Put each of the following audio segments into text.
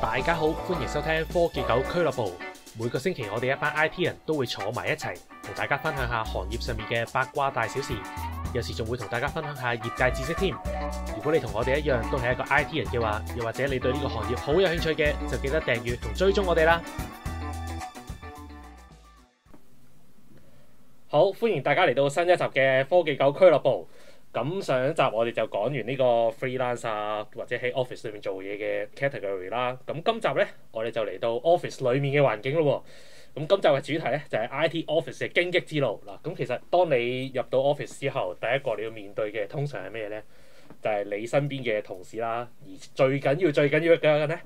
大家好，歡迎收聽科技狗俱樂部。每個星期我哋一班 IT 人都會坐埋一齊，同大家分享下行業上面嘅八卦大小事，有時仲會同大家分享下業界知識添。如果你同我哋一樣都係一個 IT 人嘅話，又或者你對呢個行業好有興趣嘅，就記得訂閱同追蹤我哋啦。好，歡迎大家嚟到新一集嘅科技狗俱樂部。咁上一集我哋就講完呢個 freelancer、啊、或者喺 office 裏面做嘢嘅 category 啦、啊。咁今集咧，我哋就嚟到 office 裏面嘅環境咯。咁、啊、今集嘅主題咧就係、是、IT office 嘅荊棘之路。嗱、啊，咁、啊、其實當你入到 office 之後，第一個你要面對嘅通常係咩咧？就係、是、你身邊嘅同事啦、啊，而最緊要、最緊要嘅個咧，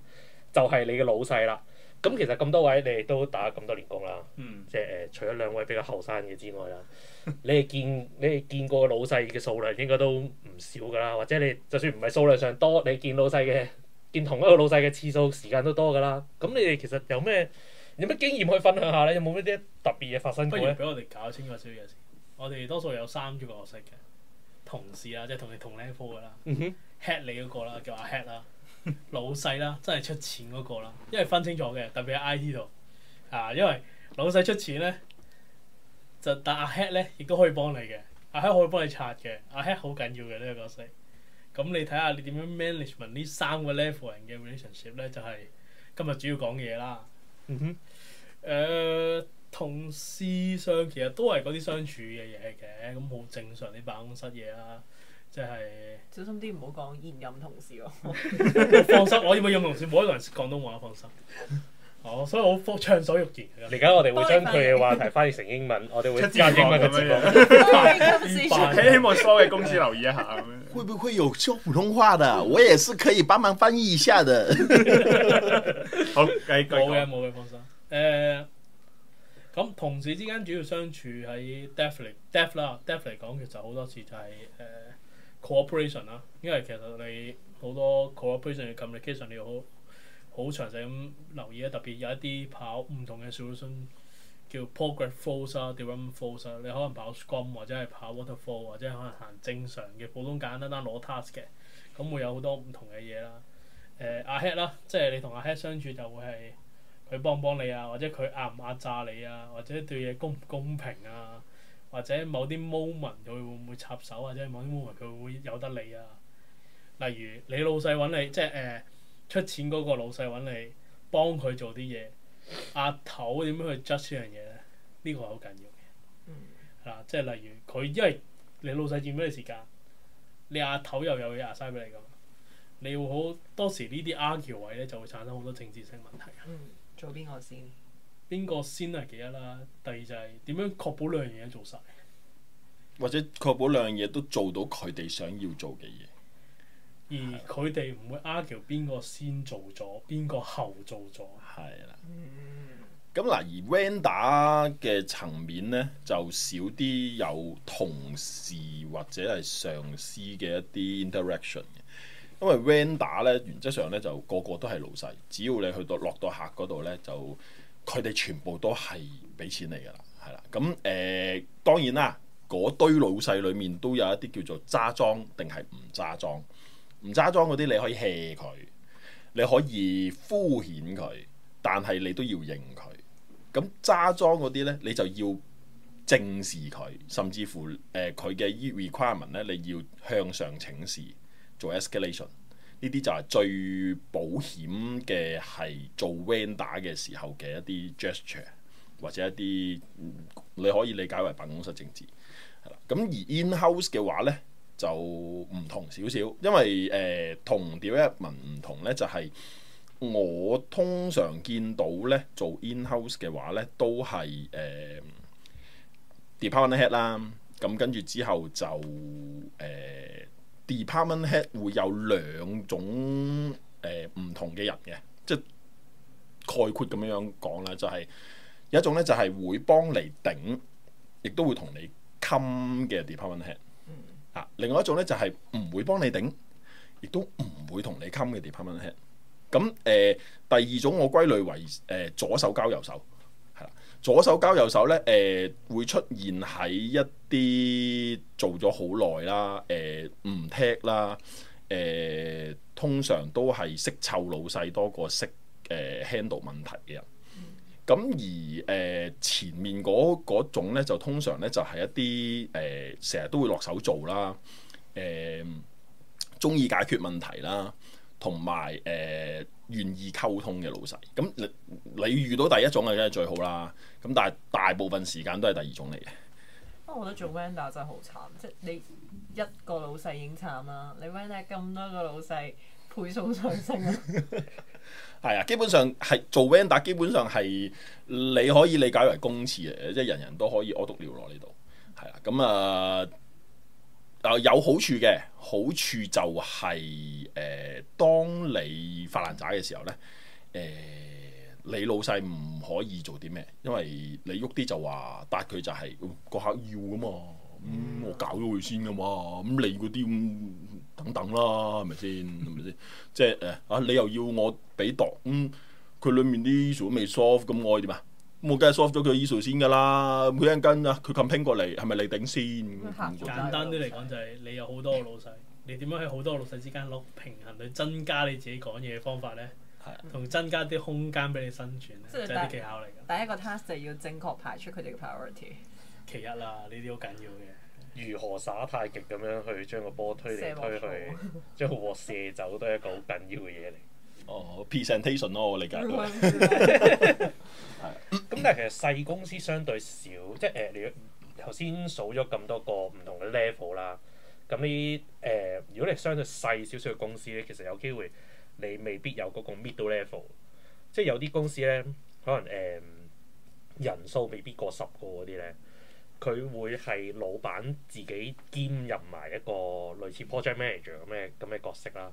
就係你嘅老細啦。咁其實咁多位你哋都打咁多年工啦，即係、嗯、除咗兩位比較後生嘅之外啦， 你哋見你哋見過老細嘅數量應該都唔少㗎啦，或者你就算唔係數量上多，你見老細嘅見同一個老細嘅次數時間都多㗎啦。咁你哋其實有咩有咩經驗可以分享下呢？有冇咩啲特別嘢發生過咧？不如俾我哋搞清楚少少先。我哋多數有三個學識嘅同事啦，即係同你同 level 㗎啦。嗯哼，head 你嗰個啦，叫阿 head 啦。 老細啦，真係出錢嗰個啦，因為分清楚嘅，特別喺 IT 度啊，因為老細出錢咧，就但阿 head 咧，亦都可以幫你嘅，阿 head 可以幫你拆嘅，阿 head 好緊要嘅呢個角色。咁你睇下你點樣 management 呢三個 level 人嘅 relationship 咧，就係、是、今日主要講嘢啦。嗯、哼，誒、呃，同事相其實都係嗰啲相處嘅嘢嘅，咁好正常啲辦公室嘢啦。即係小心啲，唔好講現任同事咯。 放心，我依個現任同事冇一個人識廣東話，放心。哦，所以好方暢所欲言。而家我哋會將佢嘅話題翻譯成英文，我哋會， 會加英文嘅字幕。希望所有嘅公司留意一下。 會唔會有說普通話的？我也是可以幫忙翻譯一下的。 好，改改。冇嘢，冇嘅，放心。誒、呃，咁同事之間主要相處喺 deaf 嚟，deaf 啦 d e f 嚟講，其實好多次就係、是、誒。呃 cooperation 啦，Co 因為其實你好多 cooperation 嘅 communication 你要好好詳細咁留意啊，特別有一啲跑唔同嘅 solution，叫 progress force 啊，點樣 force 啊，你可能跑 scrum 或者係跑 waterfall 或者可能行正常嘅普通簡單單攞 task 嘅，咁會有好多唔同嘅嘢啦。誒、呃、阿 head 啦，即係你同阿 head 相處就會係佢幫唔幫你啊，或者佢壓唔壓榨你啊，或者對嘢公唔公平啊？或者某啲 moment 佢會唔會插手或者某啲 moment 佢會有得理啊？例如你老細揾你，即係、呃、出錢嗰個老細揾你幫佢做啲嘢，阿、啊、頭點樣去 judge 呢樣嘢呢？呢、這個係好緊要嘅，係啦、嗯啊，即係例如佢因為你老細佔咗你時間，你阿、啊、頭又有嘢壓晒俾你㗎嘛，你會好多時呢啲 argue 位呢，就會產生好多政治性問題、嗯。做邊個先？邊個先係幾得啦？第二就係點樣確保兩樣嘢做晒，或者確保兩樣嘢都做到佢哋想要做嘅嘢，而佢哋唔會 argue 邊個先做咗，邊個後做咗。係啦，咁嗱，而 Wanda 嘅層面呢，就少啲有同事或者係上司嘅一啲 interaction 因為 Wanda 呢，原則上呢，就個個都係老細，只要你去到落到客嗰度呢，就。佢哋全部都係俾錢你㗎啦，係啦。咁誒、呃、當然啦，嗰堆老細裡面都有一啲叫做揸莊定係唔揸莊。唔揸莊嗰啲你可以 hea 佢，你可以敷衍佢，但係你都要認佢。咁揸莊嗰啲咧，你就要正視佢，甚至乎誒佢、呃、嘅 requirement 咧，你要向上請示做 escalation。呢啲就係最保險嘅係做 vendor 嘅時候嘅一啲 gesture，或者一啲、嗯、你可以理解為辦公室政治。咁而 in-house 嘅話呢，就唔同少少，因為誒同 development 唔同呢，就係、是、我通常見到呢做 in-house 嘅話呢，都係誒、呃、department head 啦，咁跟住之後就誒。呃 department head 會有兩種誒唔、呃、同嘅人嘅，即概括咁樣樣講啦，就係、是、有一種咧就係、是、會幫你頂，亦都會同你襟嘅 department head，啊，另外一種咧就係、是、唔會幫你頂，亦都唔會同你襟嘅 department head。咁、嗯、誒、呃、第二種我歸類為誒、呃、左手交右手。左手交右手咧，誒、呃、會出現喺一啲做咗好耐啦，誒、呃、唔踢啦，誒、呃、通常都係識湊老細多過識誒 handle 問題嘅人。咁、嗯、而誒、呃、前面嗰種咧，就通常咧就係、是、一啲誒成日都會落手做啦，誒中意解決問題啦，同埋誒，呃願意溝通嘅老細，咁你你遇到第一種啊，梗係最好啦。咁但係大部分時間都係第二種嚟嘅。不過，我覺得做 van 達真係好慘，即係你一個老細已經慘啦，你 van 達咁多個老細倍數上升啊。係啊，基本上係做 van 達，基本上係你可以理解為公廁嚟嘅，即係人人都可以屙督尿落呢度。係啊，咁啊。呃誒、呃、有好處嘅，好處就係、是、誒、呃，當你發爛渣嘅時候咧，誒、呃、你老細唔可以做啲咩，因為你喐啲就話答佢就係、是、個、呃、客要㗎嘛，咁、嗯、我搞咗佢先㗎嘛，咁你嗰啲咁等等啦，係咪先？係咪先？即係誒啊！你又要我俾度咁，佢、嗯、裡面啲 software 咁，我點啊？冇計 soft 咗佢 easy 先㗎啦，佢一跟啊，佢 campaign 過嚟，係咪你頂先？嗯、簡單啲嚟講就係你有好多老細， 你點樣喺好多老細之間攞平衡去增加你自己講嘢嘅方法咧？係同 增加啲空間俾你生存咧， 就係啲技巧嚟。第一個 task 係要正確排出佢哋嘅 priority。其一啦，呢啲好緊要嘅。如何耍太極咁樣去將個波推嚟推去，將個 射走都係一個好緊要嘅嘢嚟。哦、oh，presentation 咯，我理解。 即係其實細公司相對少，即係誒、呃、你頭先數咗咁多個唔同嘅 level 啦。咁呢誒，如果你相對細少少嘅公司咧，其實有機會你未必有嗰個 middle level。即係有啲公司咧，可能誒、呃、人數未必過十個嗰啲咧，佢會係老闆自己兼任埋一個類似 project manager 咁嘅咁嘅角色啦。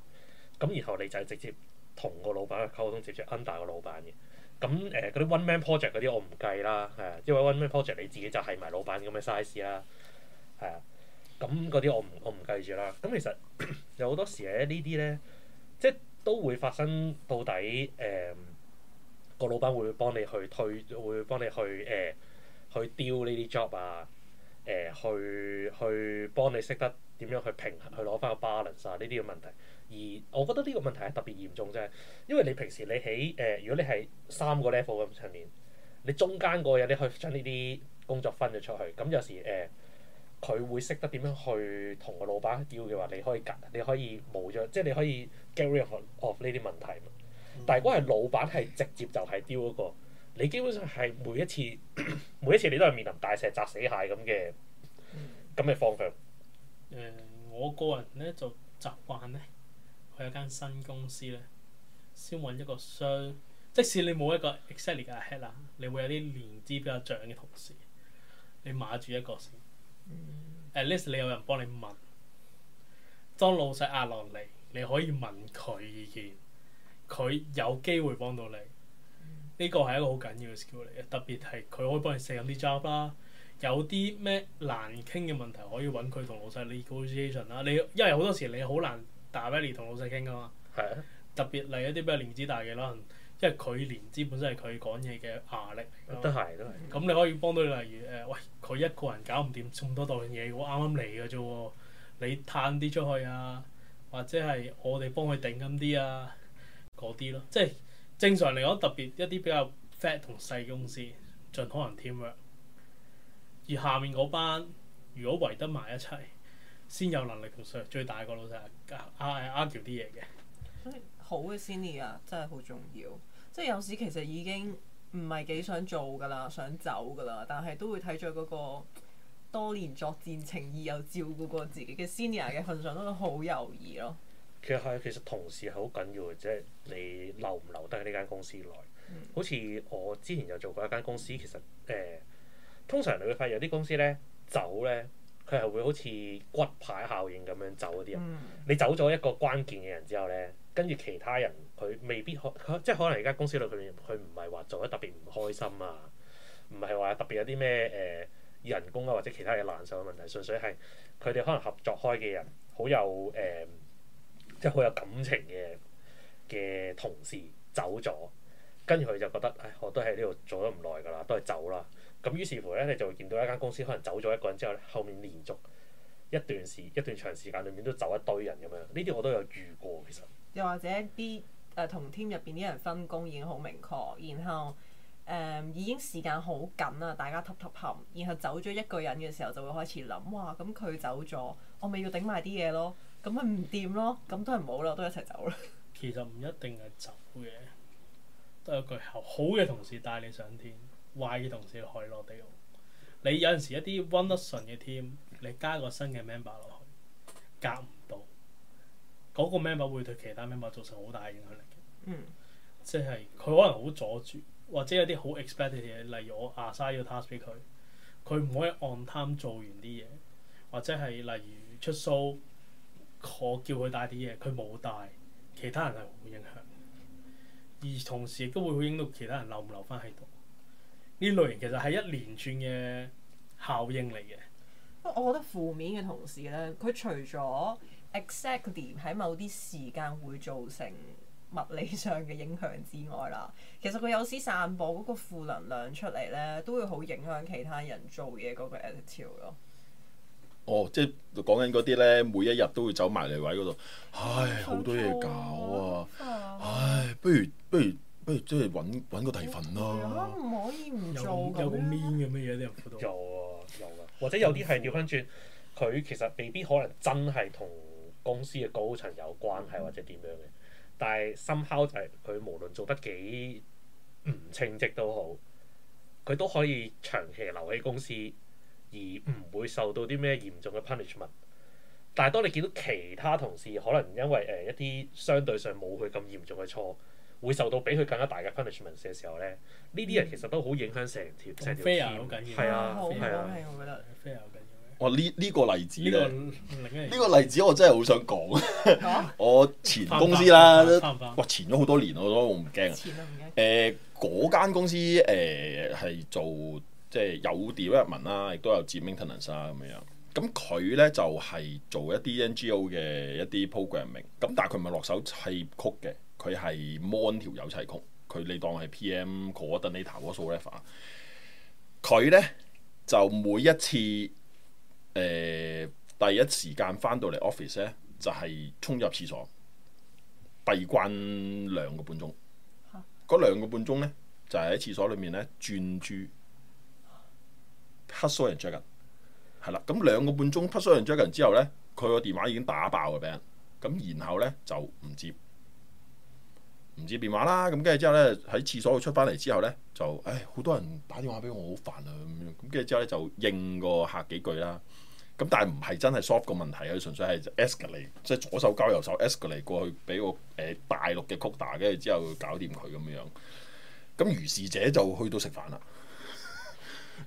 咁然後你就直接同個老闆去溝通，直接 under 個老闆嘅。咁誒嗰啲 one man project 嗰啲我唔計啦，係啊，因為 one man project 你自己就係埋老闆咁嘅 size 啦，係啊，咁嗰啲我唔我唔計住啦。咁其實 有好多時咧，呢啲咧即都會發生到底誒個、呃、老闆會，會幫你去推，會，會幫你去誒、呃、去丟呢啲 job 啊，誒、呃、去去幫你識得點樣去平衡，去攞翻個 balance 啊，呢啲嘅問題。而我覺得呢個問題係特別嚴重啫，因為你平時你喺誒、呃，如果你係三個 level 咁上面，你中間嗰個嘢，你可以將呢啲工作分咗出去。咁、嗯、有時誒，佢、呃、會識得點樣去同個老闆 deal 嘅話，你可以你可以冇咗，即係你可以 get rid of 呢啲問題。但係如果係老闆係直接就係 deal 個，你基本上係每一次咳咳每一次你都係面臨大石砸死蟹咁嘅咁嘅方向、呃。我個人咧就習慣咧。佢有間新公司咧，先揾一個商，即使你冇一個 exactly 嘅 head 啦，你會有啲年資比較長嘅同事，你碼住一個先。Mm hmm. At least 你有人幫你問，當老細壓落嚟，你可以問佢意見，佢有機會幫到你。呢個係一個好緊要嘅 skill 嚟嘅，特別係佢可以幫你卸緊啲 job 啦，有啲咩難傾嘅問題可以揾佢同老細 negotiation 啦。你因為好多時你好難。大 Many 同老細傾噶嘛，係啊的，特別嚟一啲比較年資大嘅可能，因為佢年資本身係佢講嘢嘅壓力，都係咁你可以幫到你，例如誒，喂佢一個人搞唔掂咁多檔嘢，我啱啱嚟嘅啫喎，你攤啲出去啊，或者係我哋幫佢頂咁啲啊，嗰啲咯，即係正常嚟講，特別一啲比較 fat 同細公司，盡可能 teamwork 而下面嗰班，如果圍得埋一齊。先有能力做最大個老細，阿阿阿 argue 啲嘢嘅。所以好嘅 senior 真係好重要，即係有時其實已經唔係幾想做㗎啦，想走㗎啦，但係都會睇在嗰個多年作戰情意，又照顧過自己嘅 senior 嘅份上，都好猶豫咯。其實係其實同事係好緊要嘅，即係你留唔留得喺呢間公司內。好似我之前有做過一間公司，其實誒、嗯、通常你會發現有啲公司咧走咧。佢係會好似骨牌效應咁樣走嗰啲人，你走咗一個關鍵嘅人之後咧，跟住其他人佢未必可，即係可能而家公司裏面佢唔係話做得特別唔開心啊，唔係話特別有啲咩誒人工啊或者其他嘢難受嘅問題，純粹係佢哋可能合作開嘅人好有誒，即係好有感情嘅嘅同事走咗，跟住佢就覺得唉，我都喺呢度做得唔耐㗎啦，都係走啦。咁於是乎咧，你就會見到一間公司可能走咗一個人之後咧，後面連續一段時間一段長時間裏面都走一堆人咁樣。呢啲我都有遇過，其實。又或者啲誒、呃、同 team 入邊啲人分工已經好明確，然後誒、呃、已經時間好緊啦，大家揼揼冚，然後走咗一個人嘅時候就會開始諗：哇，咁佢走咗，我咪要頂埋啲嘢咯？咁咪唔掂咯？咁都係唔好啦，都一齊走啦。其實唔一定係走嘅，都有句好好嘅同事帶你上天。壞嘅同時害落嚟，你有陣時一啲 one 嘅 team 你加個新嘅 member 落去，夾唔到，嗰、那個 member 會對其他 member 造成好大嘅影響力。嗯，即係佢可能好阻住，或者有啲好 expected 嘅嘢，例如我 assign、啊、要 task 俾佢，佢唔可以 on time 做完啲嘢，或者係例如出 show，我叫佢帶啲嘢，佢冇帶，其他人係唔會影響，而同時亦都會影響到其他人留唔留翻喺度。呢類型其實係一連串嘅效應嚟嘅。我覺得負面嘅同事呢，佢除咗 exactly 喺某啲時間會造成物理上嘅影響之外啦，其實佢有時散播嗰個負能量出嚟呢，都會好影響其他人做嘢嗰個 attitude 咯。哦，即係講緊嗰啲呢，每一日都會走埋嚟位嗰度，唉，好多嘢搞啊，唉，不如不如。不如即係揾揾個地份咯。唔可以唔做㗎。有咁 mean 嘅咩嘢啲人做到？ 有啊，有啊。或者有啲係調翻轉佢， 其實未必可能真係同公司嘅高層有關係或者點樣嘅。但係 somehow 就係佢無論做得幾唔稱職都好，佢都可以長期留喺公司，而唔會受到啲咩嚴重嘅 punishment。但係當你見到其他同事可能因為誒一啲相對上冇佢咁嚴重嘅錯。會受到比佢更加大嘅 punishment、um、嘅時候咧，呢啲人其實都好影響成條即係條線，係、嗯、啊，係好啊，啊啊我覺得好緊要。哦呢呢個例子咧，呢、這個、個例子我真係好想講。啊、 我前公司啦，哇、哦呃、前咗好多年我都我唔驚啊。誒嗰、呃、間公司誒係、呃、做即係有 development 啦，亦都有接 maintenance 啊咁樣。咁佢咧就係、是、做一啲 NGO 嘅一啲 programming。咁但係佢唔係落手砌 code 嘅。佢係 monitor 有齊曲，佢你當係 PM 嗰 data 嗰 software 佢咧就每一次誒、呃、第一時間翻到嚟 office 咧，就係、是、衝入廁所閉關兩個半鐘。嗰兩個半鐘咧就喺廁所裏面咧轉珠，Puzzle and Dragon，係啦。咁兩個半鐘 Puzzle and Dragon 之後咧，佢個電話已經打爆嘅畀人。咁然後咧就唔接。唔知電話啦，咁跟住之後咧，喺廁所度出翻嚟之後咧，就誒好、哎、多人打電話俾我，好煩啊咁樣。咁跟住之後咧，就應個客幾句啦。咁但係唔係真係 solve 個問題啊？純粹係 escalate，即係左手交右手 escalate 過去俾個誒、呃、大陸嘅 cutter，跟住之後搞掂佢咁樣。咁於是者就去到食飯啦。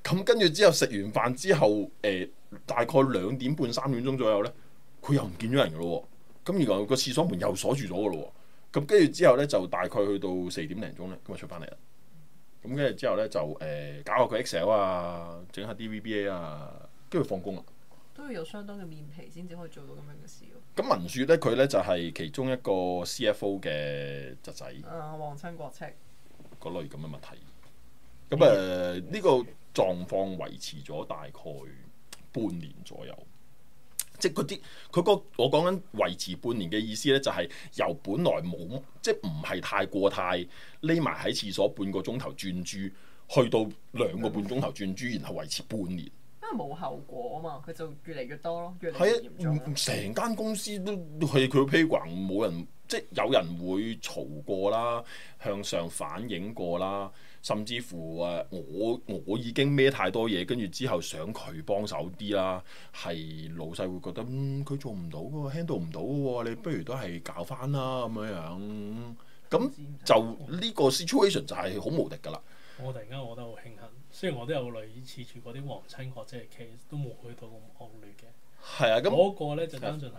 咁跟住之後食完飯之後，誒、呃、大概兩點半三點鐘左右咧，佢又唔見咗人噶咯。咁原來個廁所門又鎖住咗噶咯。咁跟住之後咧，就大概去到四點零鐘咧，咁就出翻嚟啦。咁跟住之後咧，就誒、呃、搞下佢 Excel 啊，整下 DVBA 啊，跟住放工啦。都要有相當嘅面皮先至可以做到咁樣嘅事咯、啊。咁文書咧，佢咧就係、是、其中一個 CFO 嘅侄仔。啊、嗯，皇親國戚嗰類咁嘅問題。咁、嗯、誒，呢、呃嗯、個狀況維持咗大概半年左右。即嗰啲佢個我講緊維持半年嘅意思咧，就係由本來冇，即唔係太過太匿埋喺廁所半個鐘頭轉豬，去到兩個半鐘頭轉豬，然後維持半年，因為冇後果啊嘛，佢就越嚟越多咯，越嚟嚴重。係啊，成間公司都去佢 paper 冇人，即有人會嘈過啦，向上反映過啦。甚至乎誒，我我已經孭太多嘢，跟住之後想佢幫手啲啦，係老細會覺得嗯，佢做唔到嘅，handle 唔到嘅，你不如都係搞翻啦咁樣樣。咁就呢個 situation 就係好無敵㗎啦。我突然間覺得好慶幸，雖然我都有類似住嗰啲皇親國戚，即係 case 都冇去到咁惡劣嘅。係啊，咁嗰個咧就單純係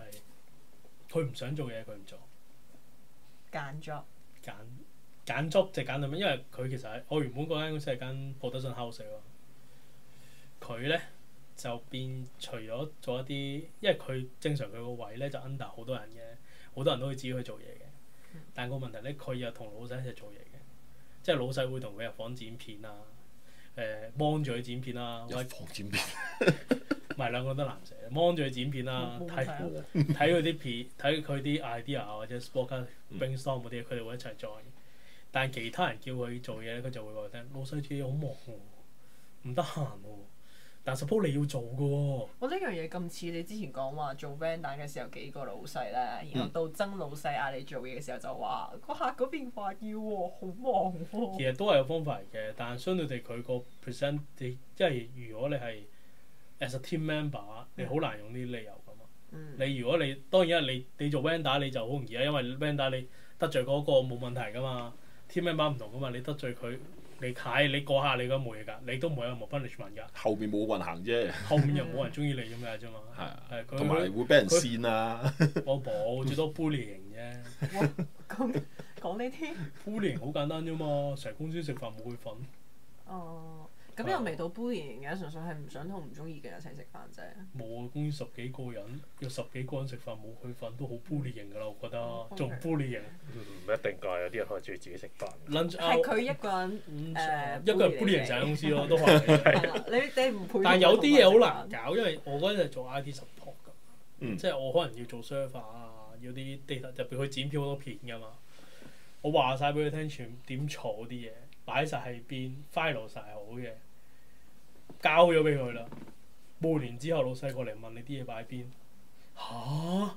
佢唔想做嘢，佢唔做，揀咗了。揀。揀足就揀到咩？因為佢其實係我原本嗰間公司係間 production house 嘅喎。佢咧就變除咗做一啲，因為佢正常佢個位咧就 under 好多人嘅，好多人都可以自己去做嘢嘅。但個問題咧，佢又同老細一齊做嘢嘅，即係老細會同佢入房剪片啊，誒、呃、幫住佢剪片啊。有房剪片，唔係者 兩個都男仔，幫住佢剪片啦、啊，睇睇佢啲片，睇佢啲 idea 啊，或者 sponsor brainstorm 嗰啲佢哋會一齊 join。但係其他人叫佢做嘢咧，佢就會話聽老細自己好忙喎、啊，唔得閒喎。但 suppose 你要做嘅喎、啊。我呢樣嘢咁似你之前講話做 vendor 嘅時候，幾個老細咧，然後到曾老細嗌你做嘢嘅時候就話個、嗯、客嗰邊話要喎、啊，好忙喎、啊。其實都係有方法嚟嘅，但係相對地佢個 percent，即係如果你係 as a team member，你好難用呢啲理由噶嘛。嗯、你如果你當然啦，你你做 vendor 你就好容易啦，因為 vendor 你得罪嗰個冇問題噶嘛。千萬碼唔同噶嘛，你得罪佢，你睇你過下你都冇嘢㗎，你都冇有無 finish 㗎。後面冇運行啫。後面又冇人中意你咁解啫嘛。同埋會俾人跣啊。他啊 我冇，最多 bullying 啫。 哇，講講呢啲？bullying 好簡單啫嘛，成日公司食飯冇佢份。哦咁又未到 bullying 嘅，純粹係唔想同唔中意嘅人一齊食飯啫。冇啊，公司十幾個人，有十幾個人食飯冇佢份都好 bullying 㗎啦，我覺得。仲 bullying 唔一定㗎，有啲人可能中意自己食飯。佢一個人，誒，一個人 bullying 成公司咯，都係。你你唔配？但有啲嘢好難搞，因為我嗰陣係做 IT support 㗎，即係我可能要做 server 啊，有啲 data 入邊佢剪片好多片㗎嘛，我話晒俾佢聽，全點坐啲嘢。擺曬喺邊，file 曬係好嘅，交咗俾佢啦。半年之後老細過嚟問你啲嘢擺邊，吓？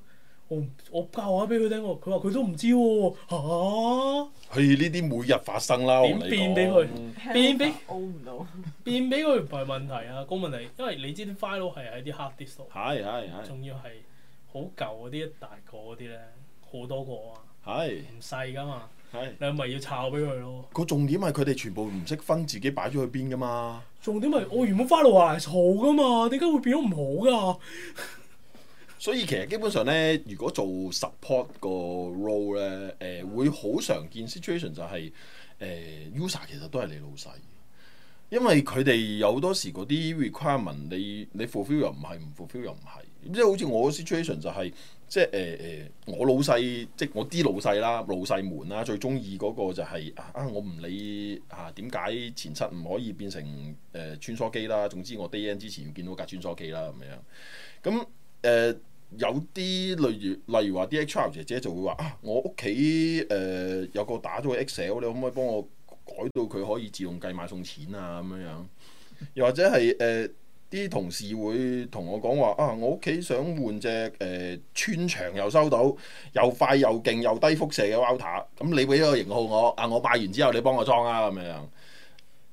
我我教下俾佢聽喎，佢話佢都唔知喎、啊，吓。係呢啲每日發生啦。點麼變俾佢？變俾？我 變俾佢？唔係問題啊，講文你，因為你知啲 file 係喺啲 hard disk 度，係係仲要係好舊嗰啲一大個嗰啲咧，好多個啊，係唔細㗎嘛。你咪要炒俾佢咯。個重點係佢哋全部唔識分自己擺咗去邊噶嘛。重點係我原本翻到嚟嘈噶嘛，點解會變咗唔好噶？ 所以其實基本上咧，如果做 support 個 role 咧，誒、呃、會好常見 situation 就係、是、誒、呃、user 其實都係你老細，因為佢哋有好多時嗰啲 requirement，你你 fulfill 又唔係，唔 fulfill 又唔係。即係好似我 situation 就係、是、即係誒誒，我老細即係我啲老細啦、老細們啦，最中意嗰個就係、是、啊，我唔理嚇點解前七唔可以變成誒、呃、穿梭機啦，總之我 day in 之前要見到架穿梭機啦咁樣。咁誒、呃、有啲例如例如話啲 HR 姐姐就會話啊，我屋企誒有個打咗個 Excel，你可唔可以幫我改到佢可以自動計埋送錢啊咁樣樣？又或者係誒、呃啲同事會同我講話啊，我屋企想換隻誒穿牆又收到又快又勁又低輻射嘅 Router，咁你俾一個型號我啊，我買完之後你幫我裝啊咁樣。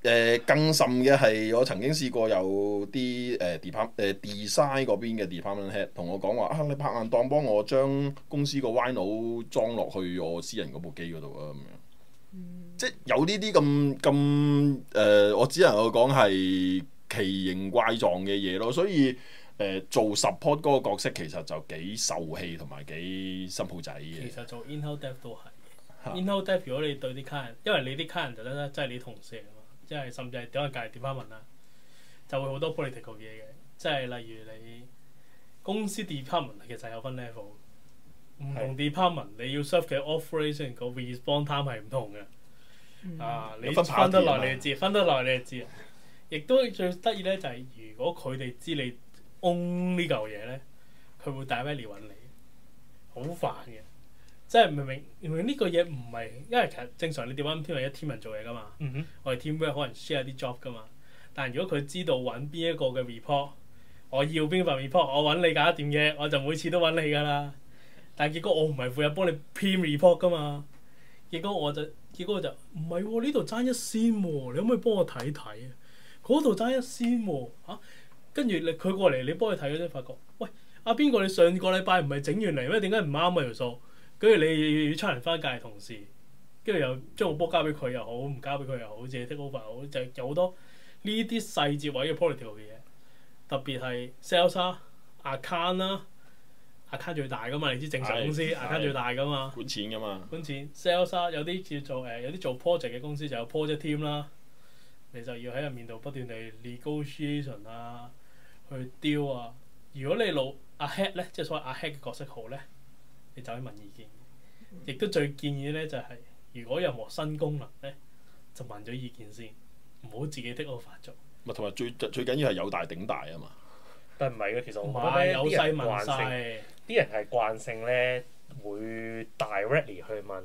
誒、呃，更甚嘅係我曾經試過有啲誒、呃、department 誒、呃、design 嗰邊嘅 department head 同我講話啊，你拍硬檔幫我將公司個歪腦裝落去我私人嗰部機嗰度啊咁樣。是是嗯、即係有呢啲咁咁誒，我只能夠講係奇形怪狀嘅嘢咯，所以誒、呃、做 support 嗰個角色其實就幾受氣同埋幾新抱仔嘅。其實做 in-house dev 都係 in-house dev，如果你對啲客人，因為你啲客人就咧即係你同事啊嘛，即係甚至係點樣介 department 啊，就會好多 political 嘢嘅，即係例如你公司 department 其實有分 level，唔同 department 的你要 serve 嘅 operation 個 response time 係唔同嘅。嗯、啊，你分得耐你就知，分，啊、分得耐你就知。亦都最得意咧，就係如果佢哋知你 own 呢嚿嘢咧，佢會帶 Melly 揾你，好煩嘅。即係明明明明呢個嘢唔係，因為其實正常你 department 係一 team 人做嘢噶嘛。嗯、哼我哋 team 可能 share 啲 job 噶嘛。但係如果佢知道揾邊一個嘅 report，我要邊份 report，我揾你搞得掂嘅，我就每次都揾你噶啦。但係結果我唔係負責幫你編 report 噶嘛，結果我就結果我就唔係喎，呢度爭一先喎、哦。你可唔可以幫我睇睇啊？嗰度爭一仙喎，跟住你佢過嚟你幫佢睇咗先發覺，喂阿邊個你上個禮拜唔係整完嚟咩？點解唔啱啊條、那個、數？跟住你要出人翻界日同事，跟住又將個波交俾佢又好，唔交俾佢又好，自己 take over 又好，就係、有好多呢啲細節位嘅 political 嘅嘢，特別係 sales 啦、account 啦、account 最大㗎嘛，你知正常公司 account 的最大㗎嘛，管錢㗎嘛，管錢 sales 有啲叫做誒有啲做，做 project 嘅公，公司就有 project team 啦。你就要喺入面度不斷地 negotiation 啊，去 deal 啊。如果你老阿 head 咧，head, 即係所謂阿 head 嘅角色好咧，你就可以問意見。亦、嗯、都最建議咧就係、是，如果任何新功能咧，就問咗意見先，唔好自己的我發作。唔係，同埋最最最緊要係有大頂大啊嘛。但係唔係嘅，其實我覺不有細勢問晒，啲人係慣性咧，了性會 directly 去問。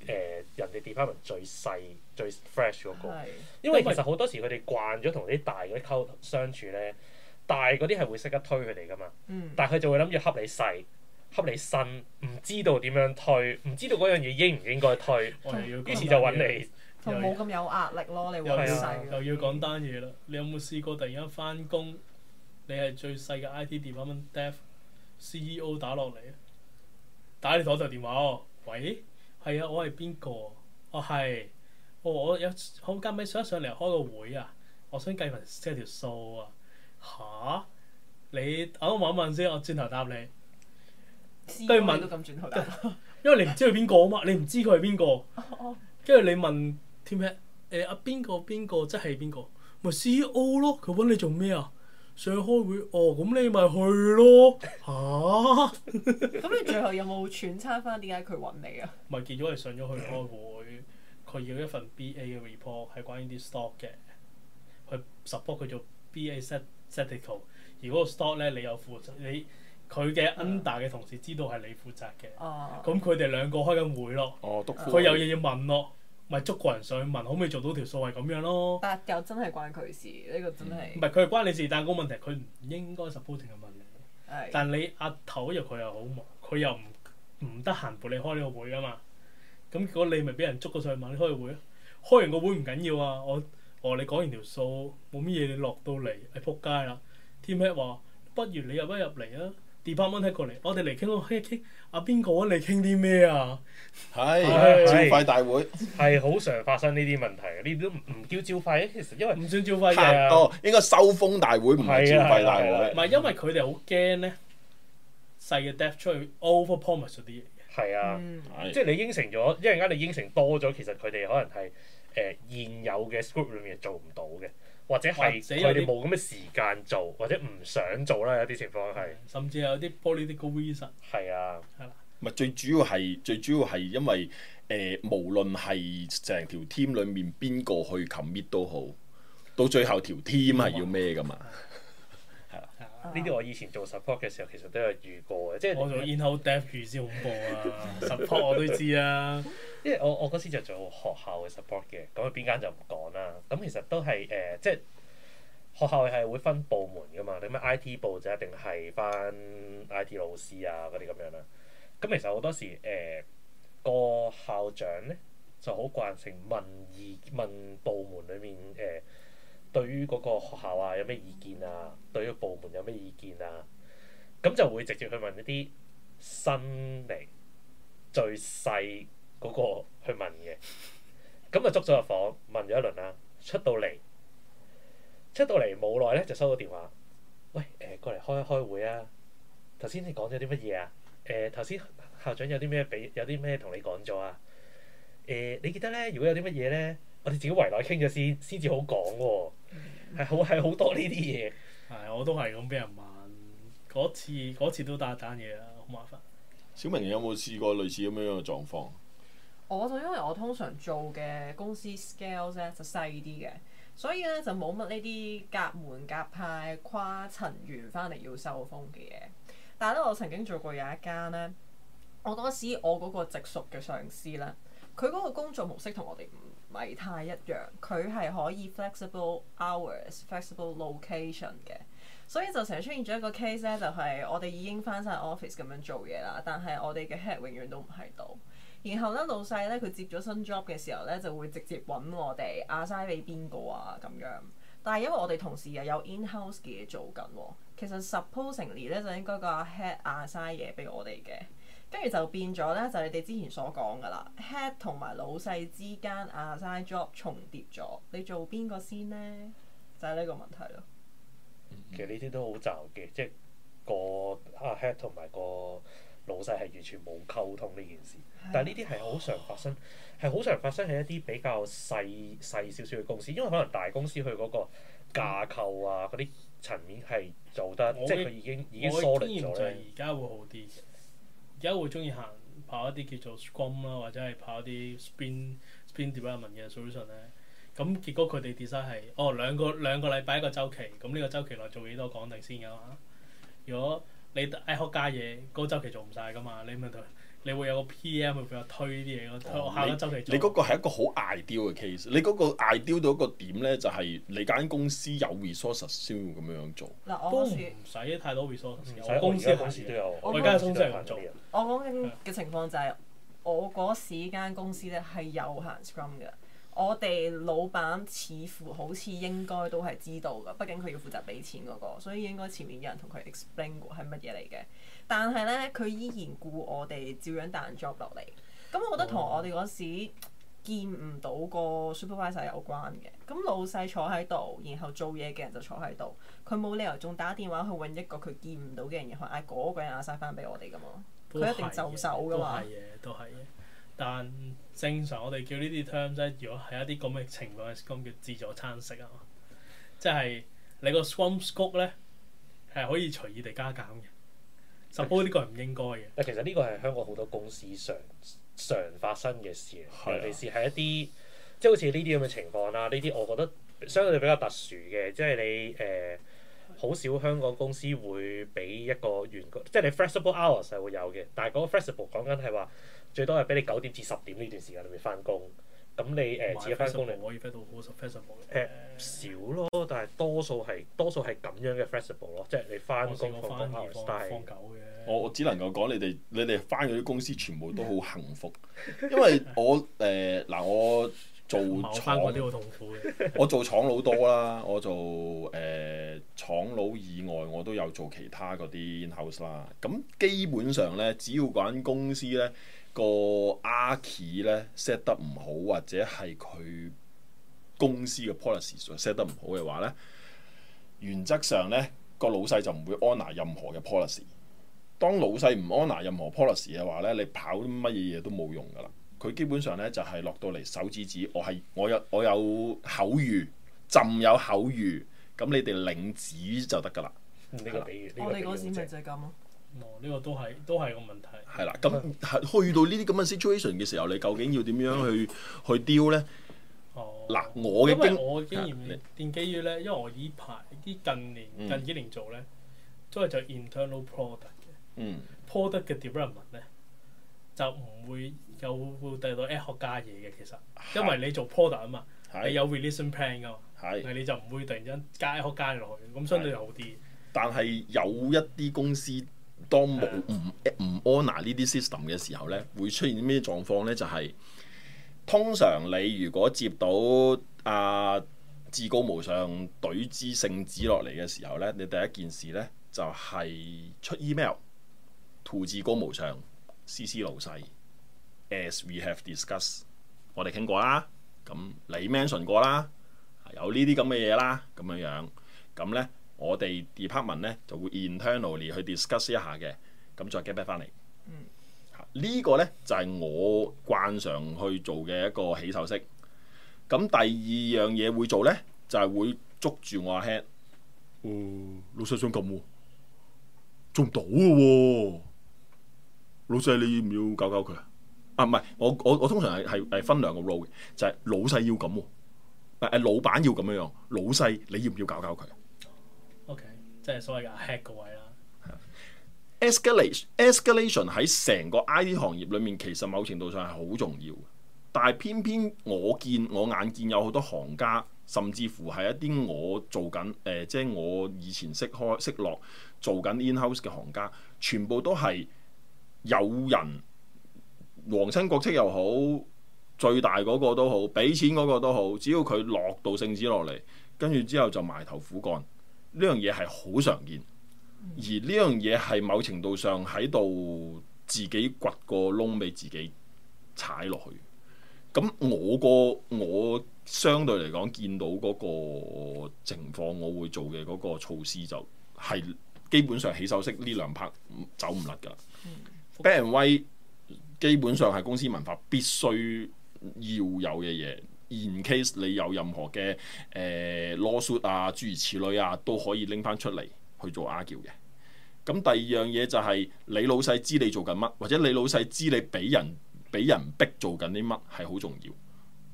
誒、呃、人哋 department 最細最 fresh 嗰、那個，的因為其實好多時佢哋慣咗同啲大嗰啲溝相處咧，大嗰啲係會識得推佢哋㗎嘛，嗯、但係佢就會諗住恰你細恰你新，唔知道點樣推，唔知道嗰樣嘢應唔應該推， 要於是就搵你，就冇咁有壓力咯。你又要的又要講單嘢啦，你有冇試過突然間翻工，你係最細嘅 IT department，deaf，CEO 打落嚟，打你台座電話喎，喂？係啊，我係邊個？我係，我我有好，今屘想上嚟開個會啊！我想計埋計條數啊！吓、啊？你等我問一問先，我，我轉頭答你。跟住問，因為你唔知佢邊個啊嘛， 你唔知佢係邊個。跟住你問添咩？誒阿邊個邊個即係邊個？咪、就是、CEO 咯，佢揾你做咩啊？上開會，哦，咁你咪去咯，吓、啊！咁你 最後有冇揣測翻點解佢搵你啊？咪見咗佢上咗去開會，佢要一份 B A 嘅 report 係關於啲 stock 嘅，去 support 佢做 B A set set data，而嗰個 stock 咧你有負責你，佢嘅 under 嘅同事知道係你負責嘅，咁佢哋兩個開緊會咯，佢、uh, 有嘢要問咯。Uh, uh. 咪捉個人上去問，可唔可以做到條數係咁樣咯？但又真係關佢事，呢個真係。唔係佢係關你事，但個問題佢唔應該 supporting 嚟問的你。但你阿頭又佢又好忙，佢又唔唔得閒陪你開呢個會噶嘛？咁如果你咪俾人捉個上去問你開個會咯，開完個會唔緊要啊。我哦，我你講完條數冇乜嘢，你落到嚟你撲街啦。team head 話不如你入一入嚟啊！department 過嚟，我哋嚟傾咯，傾一傾。阿邊個啊？你傾啲咩啊？係招費大會係好常發生呢啲問題嘅，呢啲唔唔叫招費嘅，其實因為唔算招費嘅。太應該收風大會，唔係招費大會。唔係、 啊、因為佢哋好驚咧，細嘅 death 出去 over promise 啲嘢。係啊，即係你應承咗，一陣間你應承多咗，其實佢哋可能係誒、呃呃、現有嘅 script 裏面做唔到嘅。或者係佢哋冇咁嘅時間做，或者唔想做啦，有啲情況係。甚至有啲 political reason。係啊。係啦。咪最主要係最主要係因為誒，無論係成條 team 裡面邊個去 commit 都好，到最後條 team 係要咩㗎嘛？係啊，呢啲我以前做 support 嘅時候其實都有遇過嘅，即係我做 in-house dev 預兆好多啊，support 我都知啊。因為我我嗰時就做學校嘅 support 嘅，咁啊邊間就唔講啦。咁其實都係誒、呃，即係學校係會分部門噶嘛，你咩 IT 部就一定係翻 IT 老師啊嗰啲咁樣啦。咁其實好多時誒個、呃、校長咧就好慣性問意問部門裡面誒、呃、對於嗰個學校啊有咩意見啊，對於部門有咩意見啊，咁就會直接去問一啲新嚟最細。嗰個去問嘅咁啊，捉咗入房問咗一輪啦。出到嚟出到嚟冇耐咧，就收到電話。喂誒、呃，過嚟開一開會啊！頭先你講咗啲乜嘢啊？誒頭先校長有啲咩俾有啲咩同你講咗啊？誒、呃、你記得咧，如果有啲乜嘢咧，我哋自己圍內傾咗先，先至好講喎、哦。係好係好多呢啲嘢係我都係咁俾人問嗰次嗰次都打單嘢啦，好麻煩。小明你有冇試過類似咁樣樣嘅狀況？我就因為我通常做嘅公司 scales 咧就細啲嘅，所以咧就冇乜呢啲隔門隔派跨層員翻嚟要收風嘅嘢。但係咧，我曾經做過有一間咧，我當時我嗰個直屬嘅上司咧，佢嗰個工作模式同我哋唔係太一樣。佢係可以 flexible hours、flexible location 嘅，所以就成日出現咗一個 case 咧，就係我哋已經翻晒 office 咁樣做嘢啦，但係我哋嘅 head 永遠都唔喺度。然後咧，老細咧，佢接咗新 job 嘅時候咧，就會直接揾我哋 assign 俾邊個啊咁樣，但係因為我哋同時又有 in-house 嘅嘢做緊，其實 supposedly 咧就應該個 head assign 嘢俾我哋嘅，跟住就變咗咧，就你哋之前所講噶啦，head 同埋老細之間 assign job 重疊咗，你做邊個先呢？就係、是、呢個問題咯。其實呢啲都好雜嘅，即係個 head 同埋個。啊老細係完全冇溝通呢件事，但係呢啲係好常發生，係好、oh. 常發生喺一啲比較細細少少嘅公司，因為可能大公司佢嗰個架構啊，嗰啲、嗯、層面係做得，的即係佢已經的已經疏離咗咧。而家會好啲，而家會中意行跑一啲叫做 Scrum 啦，或者係跑一啲 Spin Spin Development 嘅 Solution 咧。咁結果佢哋 design 係哦兩個兩個禮拜一個週期，咁呢個週期內做幾多講定先嘅嘛？如果你 a p 家嘢嗰個週期做唔晒噶嘛？你咪你會有個 PM 去佢推啲嘢咯，下個週期。你嗰個係一個好 ideal 嘅 case。你嗰個 ideal 到一個點咧，就係你間公司有 resource 先會咁樣做。嗱，我公司都唔使太多 resource 嘅，公司好時都有，我而公司正常做嘅。我講緊嘅情況就係、是，我嗰時間公司咧係有行 sc。Scrum 嘅。我哋老闆似乎好似應該都係知道㗎，畢竟佢要負責俾錢嗰、嗰個，所以應該前面有人同佢 explain 過係乜嘢嚟嘅。但係呢，佢依然顧我哋，照樣彈 job 落嚟。咁、嗯、我覺得同我哋嗰時見唔到個 supervisor 有關嘅。咁、嗯、老細坐喺度，然後做嘢嘅人就坐喺度，佢冇理由仲打電話去揾一個佢見唔到嘅人，然後嗌嗰個人嗌晒翻俾我哋㗎嘛。佢一定就手㗎嘛。都係嘅，都係嘅。但正常我哋叫呢啲 term 咧，如果係一啲咁嘅情況，咁叫自助餐式啊，即係你個 swamp scope 咧係可以隨意地加減嘅。suppose 呢個係唔應該嘅。但其實呢個係香港好多公司常常發生嘅事，的尤其是係一啲即係好似呢啲咁嘅情況啦。呢啲我覺得相對比較特殊嘅，即係你誒好、呃、少香港公司會俾一個員工，即係你 flexible hours 係會有嘅，但係嗰個 flexible 講緊係話。最多係俾你九點至十點呢段時間你面翻工，咁、呃、你誒只要翻工，是是你可以 fit 到好 flexible 少咯，但係多數係多數係咁樣嘅 flexible 咯，即係你翻工是放貓放狗嘅。我我只能夠講你哋你哋翻啲公司全部都好幸福， 因為我誒嗱我做我翻過呢個痛苦我做廠佬多啦，我做誒廠佬以外，我都有做其他嗰啲 house 啦。咁基本上咧，只要間公司咧。個阿 key 咧 set 得唔好，或者係佢公司嘅 policy set 得唔好嘅話咧，原則上咧個老細就唔會安拿任何嘅 policy。當老細唔安拿任何 policy 嘅話咧，你跑啲乜嘢嘢都冇用㗎啦。佢基本上咧就係、是、落到嚟手指指，我係我有我有口諭，朕有口諭，咁你哋領旨就得㗎啦。呢個我哋嗰時咪就係咁。哦，呢個都係都係個問題。係啦，咁係去到呢啲咁嘅 situation 嘅時候，你究竟要點樣去去 deal 咧？哦，嗱，我嘅經因我嘅經驗咧，奠基於咧，因為我呢排啲近年近幾年做咧，都係做 internal product 嘅。嗯，product 嘅 development 咧就唔會有會第度 add 可加嘢嘅，其實因為你做 product 啊嘛，係你有 release plan 噶嘛，係，你就唔會突然間加一可加落去，咁相對好啲。但係有一啲公司。當冇唔唔 own 呢啲 system 嘅時候呢，會出現咩狀況呢？就係、是、通常你如果接到啊至高無上對之聖旨落嚟嘅時候呢，你第一件事呢就係、是、出 email，to 至高無上 CC 老細，as we have discussed，我哋傾過啦，咁你 mention 過啦，有呢啲咁嘅嘢啦，咁樣樣，咁呢。我哋 department 咧就會 internally 去 discuss 一下嘅，咁再 get back 翻嚟。嗯，個呢個咧就係、是、我慣常去做嘅一個起手式。咁第二樣嘢會做咧，就係、是、會捉住我阿 head。哦，老細想咁喎，做唔到嘅、啊、喎。老細你要唔要搞搞佢啊？啊，唔係，我我我通常係係係分兩個 role 嘅，就係老細要咁喎，誒誒，老闆要咁樣樣，老細你要唔要搞搞佢？即係所謂嘅 hack 位啦。escalation escalation 喺成個 I T 行業裏面，其實某程度上係好重要，但係偏偏我見我眼見有好多行家，甚至乎係一啲我做緊誒，即、呃、係、就是、我以前識開識落做緊 in house 嘅行家，全部都係有人皇親國戚又好，最大嗰個都好，俾錢嗰個都好，只要佢落到聖旨落嚟，跟住之後就埋頭苦幹。呢樣嘢係好常見，而呢樣嘢係某程度上喺度自己掘個窿俾自己踩落去。咁我個我相對嚟講見到嗰個情況，我會做嘅嗰個措施就係基本上起手式呢兩拍走唔甩噶。 brand 威基本上係公司文化必須要有嘅嘢。In case 你有任何嘅誒囉嗦啊，諸如此類啊，都可以拎翻出嚟去做 argue 嘅。咁第二樣嘢就係你老細知你做緊乜，或者你老細知你俾人俾人逼做緊啲乜，係好重要。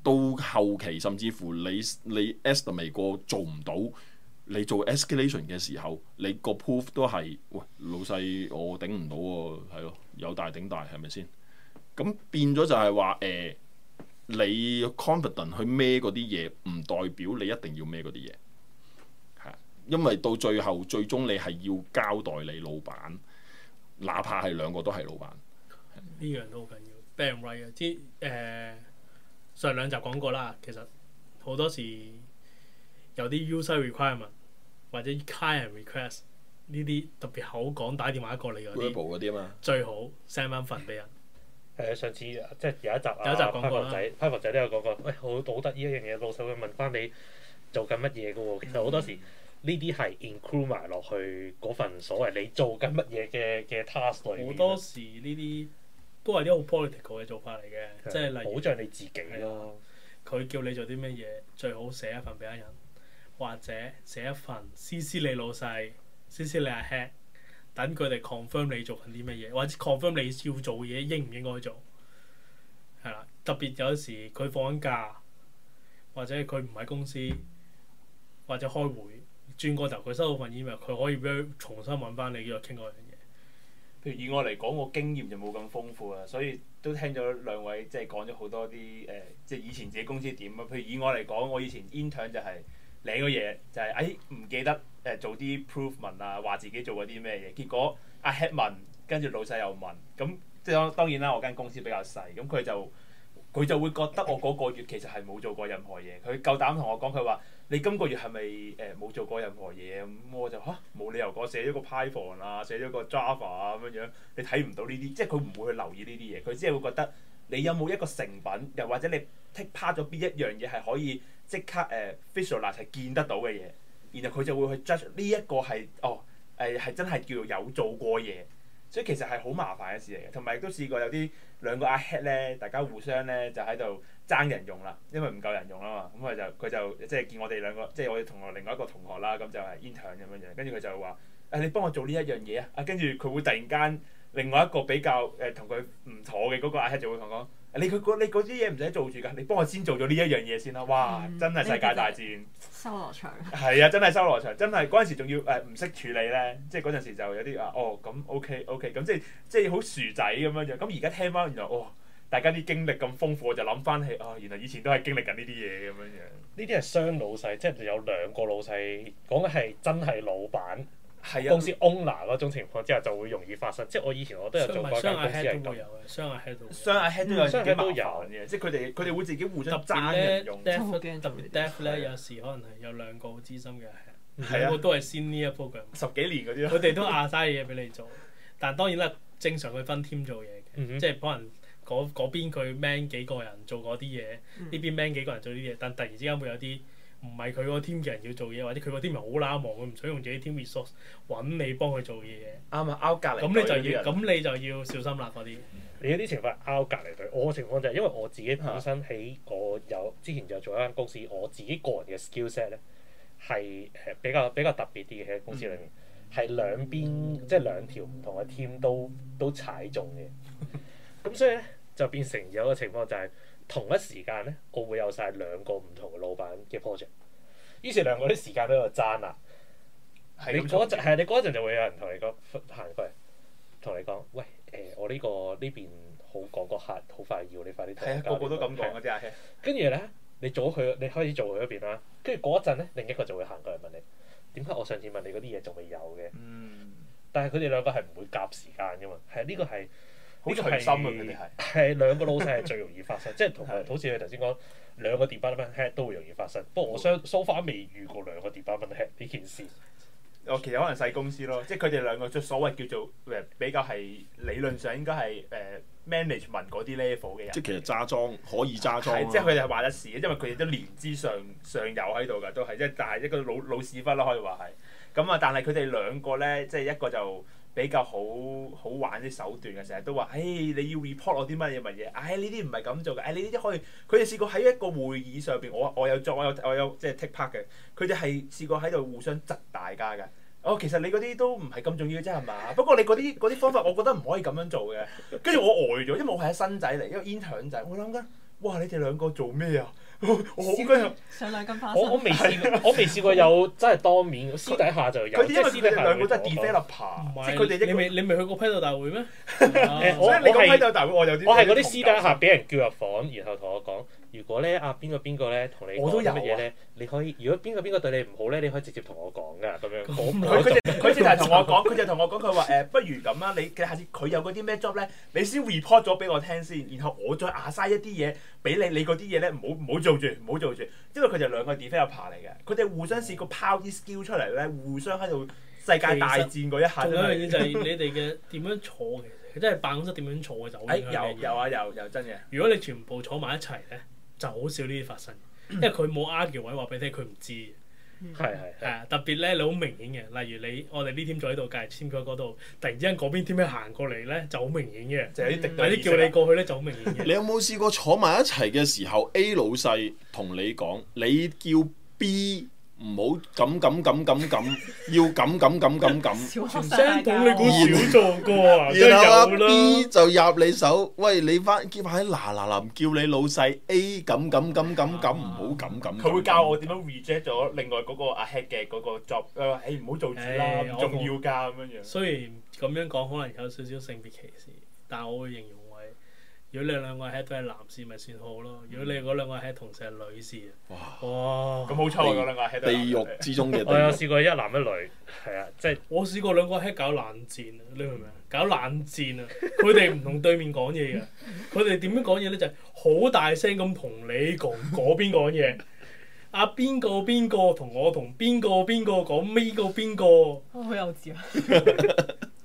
到後期甚至乎你你 estimate 過做唔到，你做 escalation 嘅時候，你個 proof 都係喂，老細我頂唔到喎，係咯，有大頂大係咪先？咁變咗就係話誒。呃你 confident 去孭嗰啲嘢，唔代表你一定要孭嗰啲嘢，係，因為到最後最終你係要交代你老闆，哪怕係兩個都係老闆，呢樣都好緊要，damn right 啊！之、uh, 誒上兩集講過啦，其實好多時有啲 user requirement 或者 client request 呢啲特別口講打電話過嚟嗰啲，啊嘛， 最好 send 翻份俾人。 誒上次即係有一集,、啊、集過有一集 Power 仔，Power 仔都有講過，喂、哎、好好得意一樣嘢，老細會問翻你做緊乜嘢嘅喎。其實好多時呢啲係 include 埋落去嗰份所謂你做緊乜嘢嘅嘅 task 裏面好多時呢啲都係啲好 political 嘅做法嚟嘅，嗯、即係例如保障你自己咯。佢叫你做啲乜嘢，最好寫一份俾人，或者寫一份 cc 你老細，cc 你阿、啊、head。等佢哋 confirm 你做緊啲乜嘢，或者 confirm 你要做嘢應唔應該做，係啦。特別有時佢放緊假，或者佢唔喺公司，或者開會，轉個頭佢收到份 email，佢可以重新揾翻你再傾嗰樣嘢。譬如以我嚟講，我經驗就冇咁豐富啦，所以都聽咗兩位即係講咗好多啲誒，即係、呃、以前自己公司點啊。譬如以我嚟講，我以前 intern 就係領個嘢就係誒唔記得。誒做啲 proof 文啊，話自己做過啲咩嘢？結果阿 head 問，啊、man，跟住老細又問，咁即係當然啦。我間公司比較細，咁佢就佢就會覺得我嗰個月其實係冇做過任何嘢。佢夠膽同我講，佢話你今個月係咪誒冇做過任何嘢？咁我就嚇冇、啊、理由我寫咗個 Python 啊，寫咗個 Java 啊咁樣樣，你睇唔到呢啲，即係佢唔會去留意呢啲嘢。佢只係會覺得你有冇一個成品，又或者你 take part 咗邊一樣嘢係可以即刻誒 visualize 見得到嘅嘢。然後佢就會去 judge 呢一個係哦誒係真係叫做有做過嘢，所以其實係好麻煩嘅事嚟嘅。同埋都試過有啲兩個阿 head 咧，大家互相咧就喺度爭人用啦，因為唔夠人用啊嘛。咁、嗯、佢就佢就即係見我哋兩個，即係我哋同學另外一個同學啦，咁就係 intern 咁樣樣。跟住佢就話誒、哎、你幫我做呢一樣嘢啊！跟住佢會突然間另外一個比較誒同佢唔妥嘅嗰個阿 head 就會同我講。你佢嗰你啲嘢唔使做住噶，你幫我先做咗呢一樣嘢先啦。哇，嗯、真係世界大戰是是修羅場，係啊，真係修羅場，真係嗰陣時仲要誒唔識處理咧，即係嗰陣時就有啲啊哦咁 OK OK 咁、嗯、即係即係好薯仔咁樣樣。咁而家聽翻原來哦，大家啲經歷咁豐富，我就諗翻起哦，原來以前都係經歷緊呢啲嘢咁樣樣。呢啲係雙老細，即係有兩個老細講嘅係真係老闆。係啊，公司 owner 嗰種情況之下就會容易發生，即係我以前我都有做過，啲公司係咁，雙雙 head 都有嘅，雙 head 都會。雙 head 都有幾麻煩嘅，即係佢哋佢哋會自己互相爭嘅。特別咧，death 咧，e 咧，有時可能係有兩個好資深嘅 head，兩個都係先呢一 program。十幾年嗰啲。佢哋都壓晒嘢俾你做，但係當然啦，正常去分 team 做嘢嘅，即係可能嗰邊佢 man 幾個人做嗰啲嘢，呢邊 man 幾個人做啲嘢，但突然之間會有啲。唔係佢個 team 嘅人要做嘢，或者佢個 team 咪好撈忙，佢唔使用自己 team resource 揾你幫佢做嘢。啱、嗯、啊，Out 隔離。咁你就要，咁壁你就要小心啦。嗰啲你有啲情況 Out 隔離隊。我嘅情況就係因為我自己本身喺我有之前就做一間公司，我自己個人嘅 skill set 咧係比較比較特別啲嘅喺公司裏面，係、嗯、兩邊即係、嗯、兩條唔同嘅 team 都都踩中嘅。咁 所以咧就變成有個情況就係、是。同一時間咧，我會有晒兩個唔同嘅老闆嘅 project，於是兩個啲時間都度爭啊！你嗰陣你嗰陣就會有人同你講行過嚟，同你講：喂，誒、呃，我呢、呢個呢邊好趕個客，好快要，你快啲！係啊，個個都咁講，跟住咧，你做佢，你開始做佢嗰邊啦。跟住嗰陣咧，另一個就會行過嚟問你：點解我上次問你嗰啲嘢仲未有嘅？嗯、但係佢哋兩個係唔會夾時間嘅嘛，係呢個係。好似佢哋係係兩個老細係最容易發生， 即係同好似你頭先講兩個 department head 都會容易發生。不過我相 so far 未遇過兩個 department head 呢件事。哦，其實可能細公司咯，即係佢哋兩個即所謂叫做誒比較係理論上應該係誒 management 嗰啲 level 嘅人。即係其實揸裝可以揸裝、啊。即係佢哋話得事，因為佢哋都年資上上有喺度㗎，都係即係，但係一個老老屎忽啦，可以話係。咁啊，但係佢哋兩個咧，即係一個就。比較好好玩啲手段嘅，成日都話，誒、哎，你要 report 我啲乜嘢乜嘢？誒、哎，呢啲唔係咁做嘅。誒、哎，你呢啲可以，佢哋試過喺一個會議上邊，我我有作，我有我有即係、就是、take part 嘅。佢哋係試過喺度互相窒大家嘅。哦，其實你嗰啲都唔係咁重要啫，係嘛？不過你嗰啲嗰啲方法，我覺得唔可以咁樣做嘅。跟住我呆咗，因為我係一新仔嚟，因為 intern 仔，我諗緊，哇，你哋兩個做咩啊？我好驚，上兩斤花生。我我未試，我未試過有真係當面，私底下就有。佢啲因為兩個真係電飛立爬，即係佢哋一個。你未你未去過批鬥大會咩？我係嗰啲私底下俾人叫入房，然後同我講。如果咧啊邊個邊個咧同你講乜嘢咧，你可以如果邊個邊個對你唔好咧，你可以直接同我講噶咁樣。佢佢 就佢係同我講，佢就同我講佢話誒，不如咁啊，你嘅下次佢有嗰啲咩 job 咧，你先 report 咗俾我聽先，然後我再壓晒一啲嘢俾你，你嗰啲嘢咧唔好唔好做住，唔好做住，因為佢就兩個 developer 嚟嘅，佢哋互相試過拋啲 skill 出嚟咧，互相喺度世界大戰嗰一下。一就係、是、 你哋嘅點樣坐嘅，即係辦公室點樣坐嘅就。好、哎、有有啊有有，有真嘅，如果你全部坐埋一齊咧。呢就好少呢啲發生，因為佢冇 argue 位話俾你聽，佢唔知。係係係啊，特別咧，你好明顯嘅，例如你我哋呢 team 坐喺度，隔籬簽約嗰度，突然之間嗰邊 team 行過嚟咧，就好明顯嘅，就係啲滴滴叫你過去咧就好明顯嘅。嗯、你有冇試過坐埋一齊嘅時候，A 老細同你講，你叫 B？唔好咁咁咁咁咁，要咁咁咁咁咁。超生黨， 了你估少做過啊？真就入你手，喂你翻，叫喺嗱嗱臨，叫你老細 A 咁咁咁咁咁，唔好咁咁。佢會教我點樣 reject 咗另外嗰個阿、ah、head 嘅嗰個 job、啊。唔好做主啦，欸、唔重要㗎咁樣樣。雖然咁樣講，可能有少少性別歧視，但係我會形容為。如果你兩個 head 都係男士，咪算好咯。如果你嗰兩個 head 同時係女士，哇，咁哇好慘噶，兩個喺地獄之中嘅地獄 我有試過一男一女，係啊，即係我試過兩個 head 搞冷戰，你明唔明啊？搞冷戰啊！佢哋唔同對面講嘢嘅，佢哋點樣講嘢咧？就係好大聲咁同你講嗰邊講嘢。阿邊個邊個同我同邊個邊個講邊個邊個？好幼稚啊。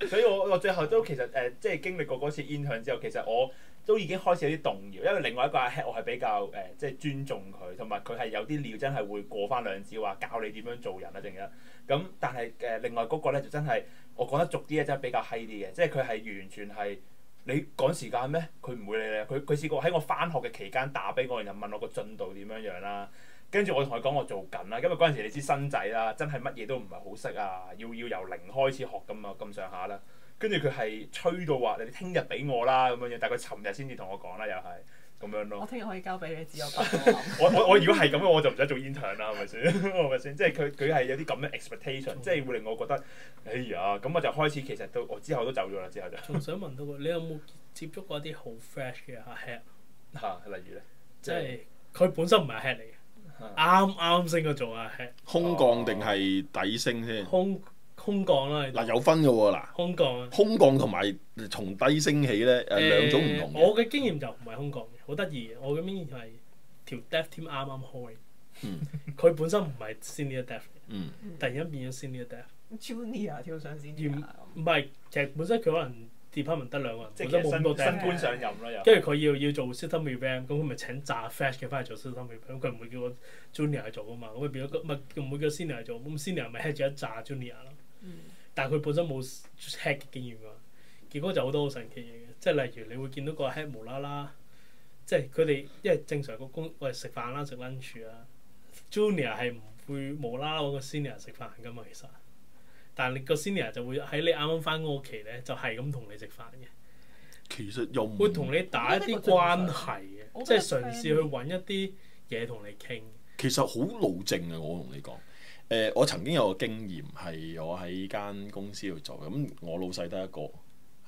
所以我我最後都其實誒、呃，即係經歷過嗰次 interaction 之後，其實我都已經開始有啲動搖，因為另外一個阿 head，我係比較誒、呃，即尊重佢，同埋佢係有啲料，真係會過翻兩招，話教你點樣做人啊，定乜咁？但係誒、呃，另外嗰個咧就真係我講得俗啲咧，真係比較閪啲嘅，即係佢係完全係你趕時間咩？佢唔會理你，佢佢試過喺我翻學嘅期間打俾我，然後問我個進度點樣樣啦、啊。跟住我同佢講我做緊啦、啊，因為嗰陣時你知新仔啦、啊，真係乜嘢都唔係好識啊，要要由零開始學咁啊咁上下啦。跟住佢係吹到話你，你聽日俾我啦咁樣樣，但佢尋日先至同我講啦、啊，又係咁樣咯。我聽日可以交俾你，只有八個我我，我如果係咁樣，我就唔想做 intern 啦，係咪先？係咪先？即係佢佢係有啲咁樣 expectation，即係會令我覺得，哎呀，咁我就開始其實到我之後都走咗啦，之後就。仲想問到個？你有冇接觸過啲好 fresh 嘅 head？嚇、啊，例如咧，即係是佢本身唔係 head 嘅。啱啱升嘅做啊空空，空降定、啊、係、啊啊啊、底升先？空空降啦，嗱有分嘅喎嗱。空降空降同埋從底升起咧，誒兩種唔同。我嘅經驗就唔係空降嘅，好得意嘅。我咁就係調 depth team 先啱啱開，佢、嗯、本身唔係 Senior depth，突然間、嗯、變咗 Senior depth，Junior、嗯、原跳上 senior 唔係，其實本身佢可能。department 得兩個人，本身冇咁多新官上任咯，又跟住佢要要做 system revamp，咁佢咪請炸 fresh 嘅翻嚟做 system revamp，佢唔會叫我 junior 去做噶嘛，咁咪變咗個，唔會叫 senior 去做，咁 senior 咪 head 住一炸 junior 咯。但係佢本身冇 head 嘅經驗啊，結果就好多好神奇嘅嘢，即係例如你會見到個 head 無啦啦，即係佢哋因為正常個工喂食飯啦，食 lunch 啊，junior 係唔會無啦啦揾個 senior 食飯噶嘛，其實。但你個 senior 就會喺你啱啱翻屋企咧，就係咁同你食飯嘅。其實又唔會同你打一啲關係嘅，即係嘗試去搵一啲嘢同你傾。其實好老正嘅、啊，我同你講。誒、呃，我曾經有個經驗係我喺間公司度做嘅。咁我老細得一個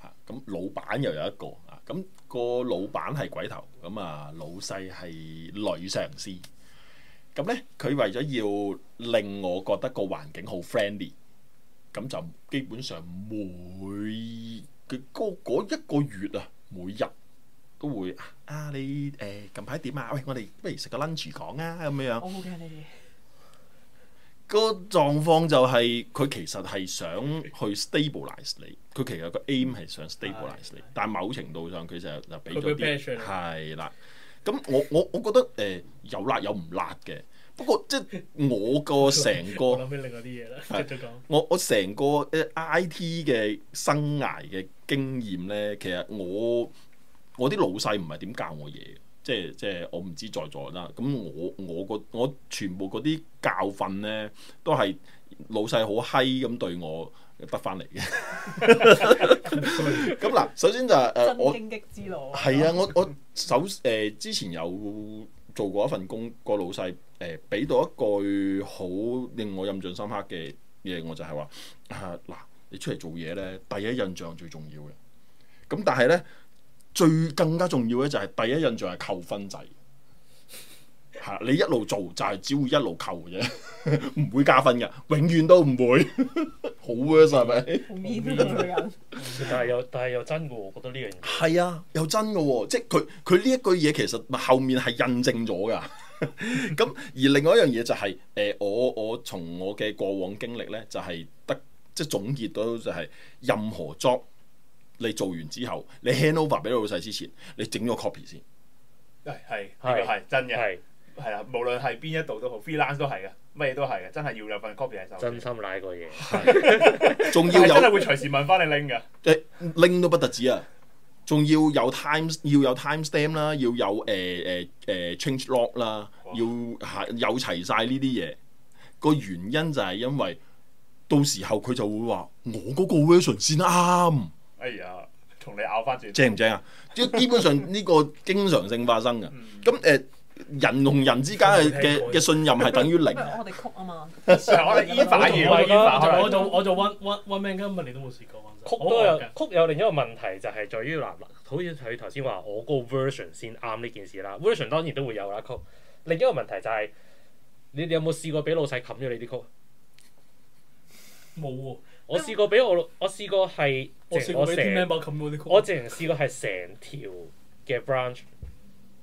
嚇，咁老闆又有一個啊。咁、咁個老闆係鬼頭咁啊，老細係女上司咁咧。佢為咗要令我覺得個環境好 friendly。咁就基本上每嘅嗰嗰一個月啊，每日都會啊，你誒近排點啊？喂，我哋不如食個 lunch 講啊，咁樣樣。OK 啦，你哋個狀況就係佢其實係想去 stabilize 你，佢其實個 aim 係想 stabilize 你，但係某程度上佢就就俾咗啲係啦。咁我我我覺得誒有辣有唔辣嘅。不過，即係我個成個諗起另外啲嘢啦，繼續講。我我成個 I T 嘅生涯嘅經驗咧，其實我我啲老細唔係點教我嘢，即係即係我唔知在在啦。咁我我個我，我全部嗰啲教訓咧，都係老細好閪咁對我得翻嚟嘅。咁 嗱、 嗯，首先就係、是、誒，我衝擊之路係啊，我我首誒之前有。嗯做過一份工，個老細誒俾到一句好令我印象深刻嘅嘢，我就係話：啊，嗱，你出嚟做嘢咧，第一印象最重要嘅。咁但係咧，最更加重要咧就係、是、第一印象係扣分制。係，你一路做就係只會一路扣嘅啫，唔會加分嘅，永遠都唔會 好好。是是會好 vers 係咪？好 mean 但係又但係又真嘅，我覺得呢樣嘢。係啊，又真嘅喎、哦，即係佢佢呢一句嘢其實後面係印證咗噶。咁而另外一樣嘢就係、是，誒我我從我嘅過往經歷咧，就係、是、得即係、就是、總結到就係、是、任何 job 你做完之後，你 hand over 俾老細之前，你整咗 copy 先。係係係真嘅。係啦，無論係邊一度都好，freelance 都係嘅，乜嘢都係嘅，真係要有份 copy 喺手。真心賴過嘢。仲要有 真係會隨時問翻你拎嘅。誒拎都不得止啊，仲要有 times 要有 timestamp 啦，要有誒誒誒 change log 啦，要有齊晒呢啲嘢。個哇原因就係因為到時候佢就會話我嗰個 version 先啱。哎呀，同你拗翻轉正唔正啊？即基本上呢個經常性發生嘅。咁誒。 嗯人同人之間嘅嘅信任係等於零、 嗯。我哋曲啊嘛， 麼我哋依反而啦，我就我就揾揾揾咩歌咪嚟都冇試過。曲都有、oh, okay. 曲有另一個問題就係在於嗱，好似佢頭先話我個 version 先啱呢件事啦。version 當然都會有啦，曲另一個問題就係、是、你哋有冇試過俾老細冚咗你啲曲？冇喎、啊，我試過俾我我試過係我成 member 我淨係試過係成條嘅 branch。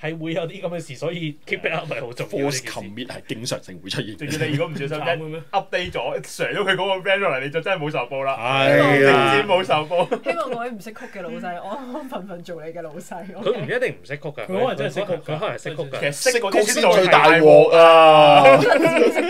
係會有啲咁嘅事，所以 keep it up 係好重要。Force commit 係經常性會出現。你如果唔小心 update 咗 share 咗佢嗰個 version 嚟，man，你就真係冇受報啦。係啊呀，冇受報。希望各位唔識曲嘅老細，安安分分做你嘅老細。佢、okay? 唔一定唔識曲㗎。佢可能真係識曲，佢可能識曲㗎。其實識曲先最大鑊啊！不曲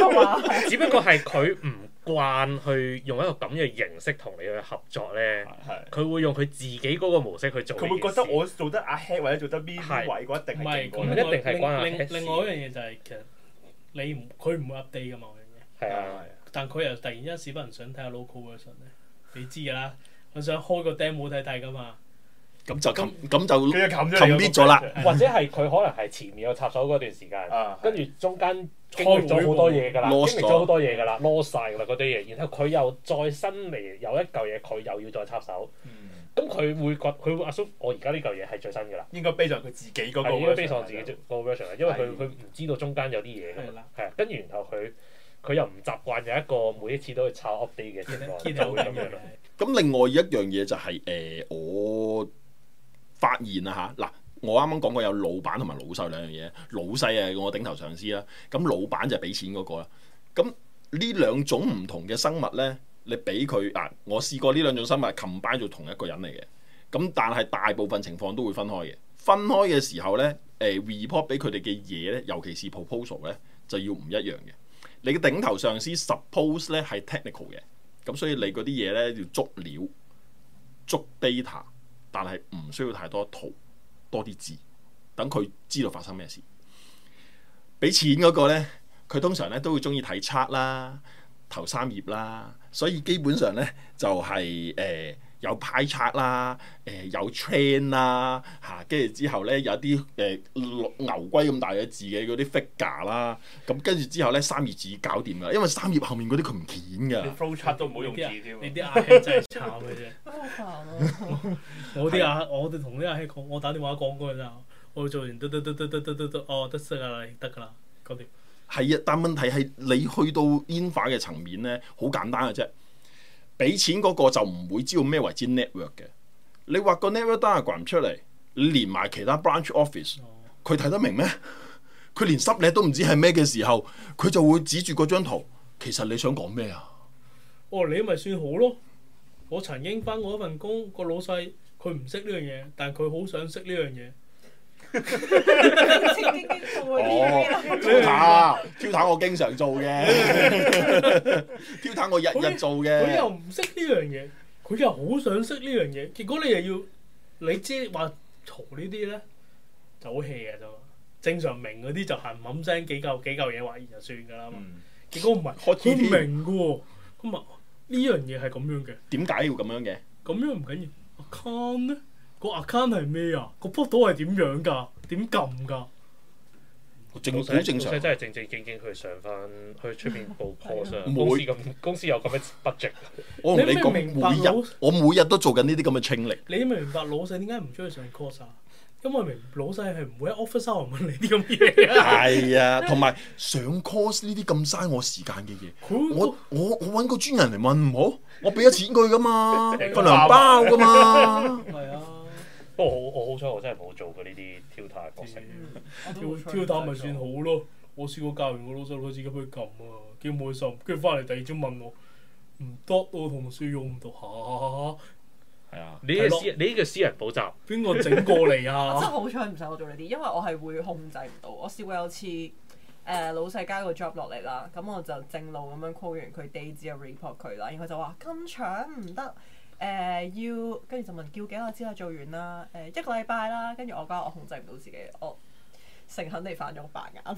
只不過係佢唔。慣去用一個咁嘅形式同你去合作咧，佢會用佢自己嗰個模式去做。佢會覺得我做得阿、ah、head 或者做得邊位嗰一定唔係，那個、一定係另外一樣嘢就係、是、其實你唔，佢唔會 update 嘅嘛，嗰樣嘢。但佢又突然之間市民想睇下 local 嘅嘢咧，你知㗎啦，佢想開個 demo 睇睇㗎嘛。咁就冚，咁就冚搣咗啦。或者係佢可能係前面有插手嗰段時間，跟住中間經歷咗好多嘢㗎啦，經歷咗好多嘢㗎啦，攞曬㗎啦嗰啲嘢。然後佢又再新嚟有一嚿嘢，佢又要再插手。咁佢會覺，佢 assume，我而家呢嚿嘢係最新㗎啦。應該背上佢自己嗰個。應該背上自己個 version 啊，因為佢佢唔知道中間有啲嘢㗎嘛。係啊，跟住然後佢佢又唔習慣有一個每一次都要插 update 嘅情況就會咁樣咯。咁另外一樣嘢就係誒我。發現啦嚇，嗱、啊、我啱啱講過有老闆同埋老細兩樣嘢，老細啊我頂頭上司啦，咁、啊、老闆就係俾錢嗰、那個啦。咁、啊、呢兩種唔同嘅生物咧，你俾佢啊，我試過呢兩種生物 combine 做同一個人嚟嘅。咁、啊、但係大部分情況都會分開嘅。分開嘅時候咧，誒、啊、report 俾佢哋嘅嘢咧，尤其是 proposal 咧就要唔一樣嘅。你嘅頂頭上司 suppose 咧係 technical 嘅，咁、啊、所以你嗰啲嘢咧要捉料、捉 data 但係唔需要太多圖，多啲字，等佢知道發生咩事。俾錢嗰個呢，佢通常呢都會鍾意睇冊啦、頭三頁啦，所以基本上呢，就係、是、誒。呃有派拆啦，誒有 train 啦、啊，嚇，跟住之後咧有啲誒、呃、牛龜咁大嘅字嘅嗰啲 figure 啦，咁跟住之後咧三頁紙搞掂啦，因為三頁後面嗰啲佢唔見㗎。你 Photoshop 都唔好用字添。你啲阿兄真係慘嘅啫 我啲阿我哋同啲阿兄講，我打電話講過咋，我做完得得得得得得得得，哦得識啦，得㗎啦，嗰啲係啊，但問題係你去到煙化嘅層面咧，好簡單嘅啫。俾錢嗰個就唔會知道咩為之 network 嘅，你畫個 network diagram 出嚟，你連埋其他 branch office，佢睇、哦、得明咩？佢連濕你都唔知係咩嘅時候，佢就會指住嗰張圖，其實你想講咩啊？哦，你咪算好咯！我曾經翻過一份工，個老細佢唔識呢樣嘢，但佢好想識呢樣嘢。刺激啲做嗰啲，跳塔啊！跳塔我經常做嘅，跳塔我日日做嘅。佢又唔識呢樣嘢，佢又好想識呢樣嘢，結果你又要你即話嘈呢啲咧，就好 hea 嘅啫。正常明嗰啲就係冇聲幾嚿幾嚿嘢話完就算㗎啦嘛。結果唔係，我明㗎喎。咁啊，呢樣嘢係咁樣嘅，點解要咁樣嘅？咁樣唔緊要，我 can 咧。個 account 係咩啊？個 port 到係點樣㗎？點撳㗎？正股正常，真係正正經經去上翻去出面報 course。公司有咁嘅 budget。我同你講，我每日都做緊呢啲咁嘅 cleaning，你明唔明白老細點解唔中意上 course 啊？因為我明老細係唔會喺 office hour 問你啲咁嘅嘢。係啊，同埋上 course 呢啲咁嘥我時間嘅嘢，我我我揾個專人嚟問好，我俾咗錢佢㗎嘛，份糧包㗎嘛。係啊。不過我我好彩我真係冇做過呢啲跳探角色，跳跳探咪算好咯！我試過教完個老細佢自己去撳啊，幾開心。跟住翻嚟第二朝問我唔得，我同事用唔到下？係啊，你係私你係私人補習，邊個整過嚟啊？我真係好彩唔使我做呢啲，因為我係會控制唔到。我試過有次誒老細加個 job 落嚟啦，咁我就正路咁樣 call 完佢 date 之後 report 佢啦，然後佢就話咁搶唔得。誒、呃、要跟住就問叫幾耐之後做完啦？誒、呃、一個禮拜啦，跟住我覺得我控制唔到自己，我誠懇地反咗個白眼，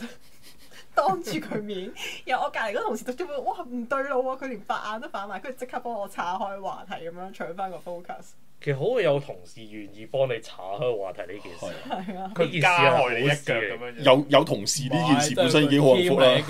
當住佢面。然後 我隔離嗰個同事就點會哇唔對路喎、啊，佢連白眼都反埋，佢即刻幫我岔開話題咁樣搶翻個 focus。其實好有同事願意幫你查開話題呢件、啊、事，佢加害你一腳咁樣。有有同事呢件事本身已、啊、經好複啦。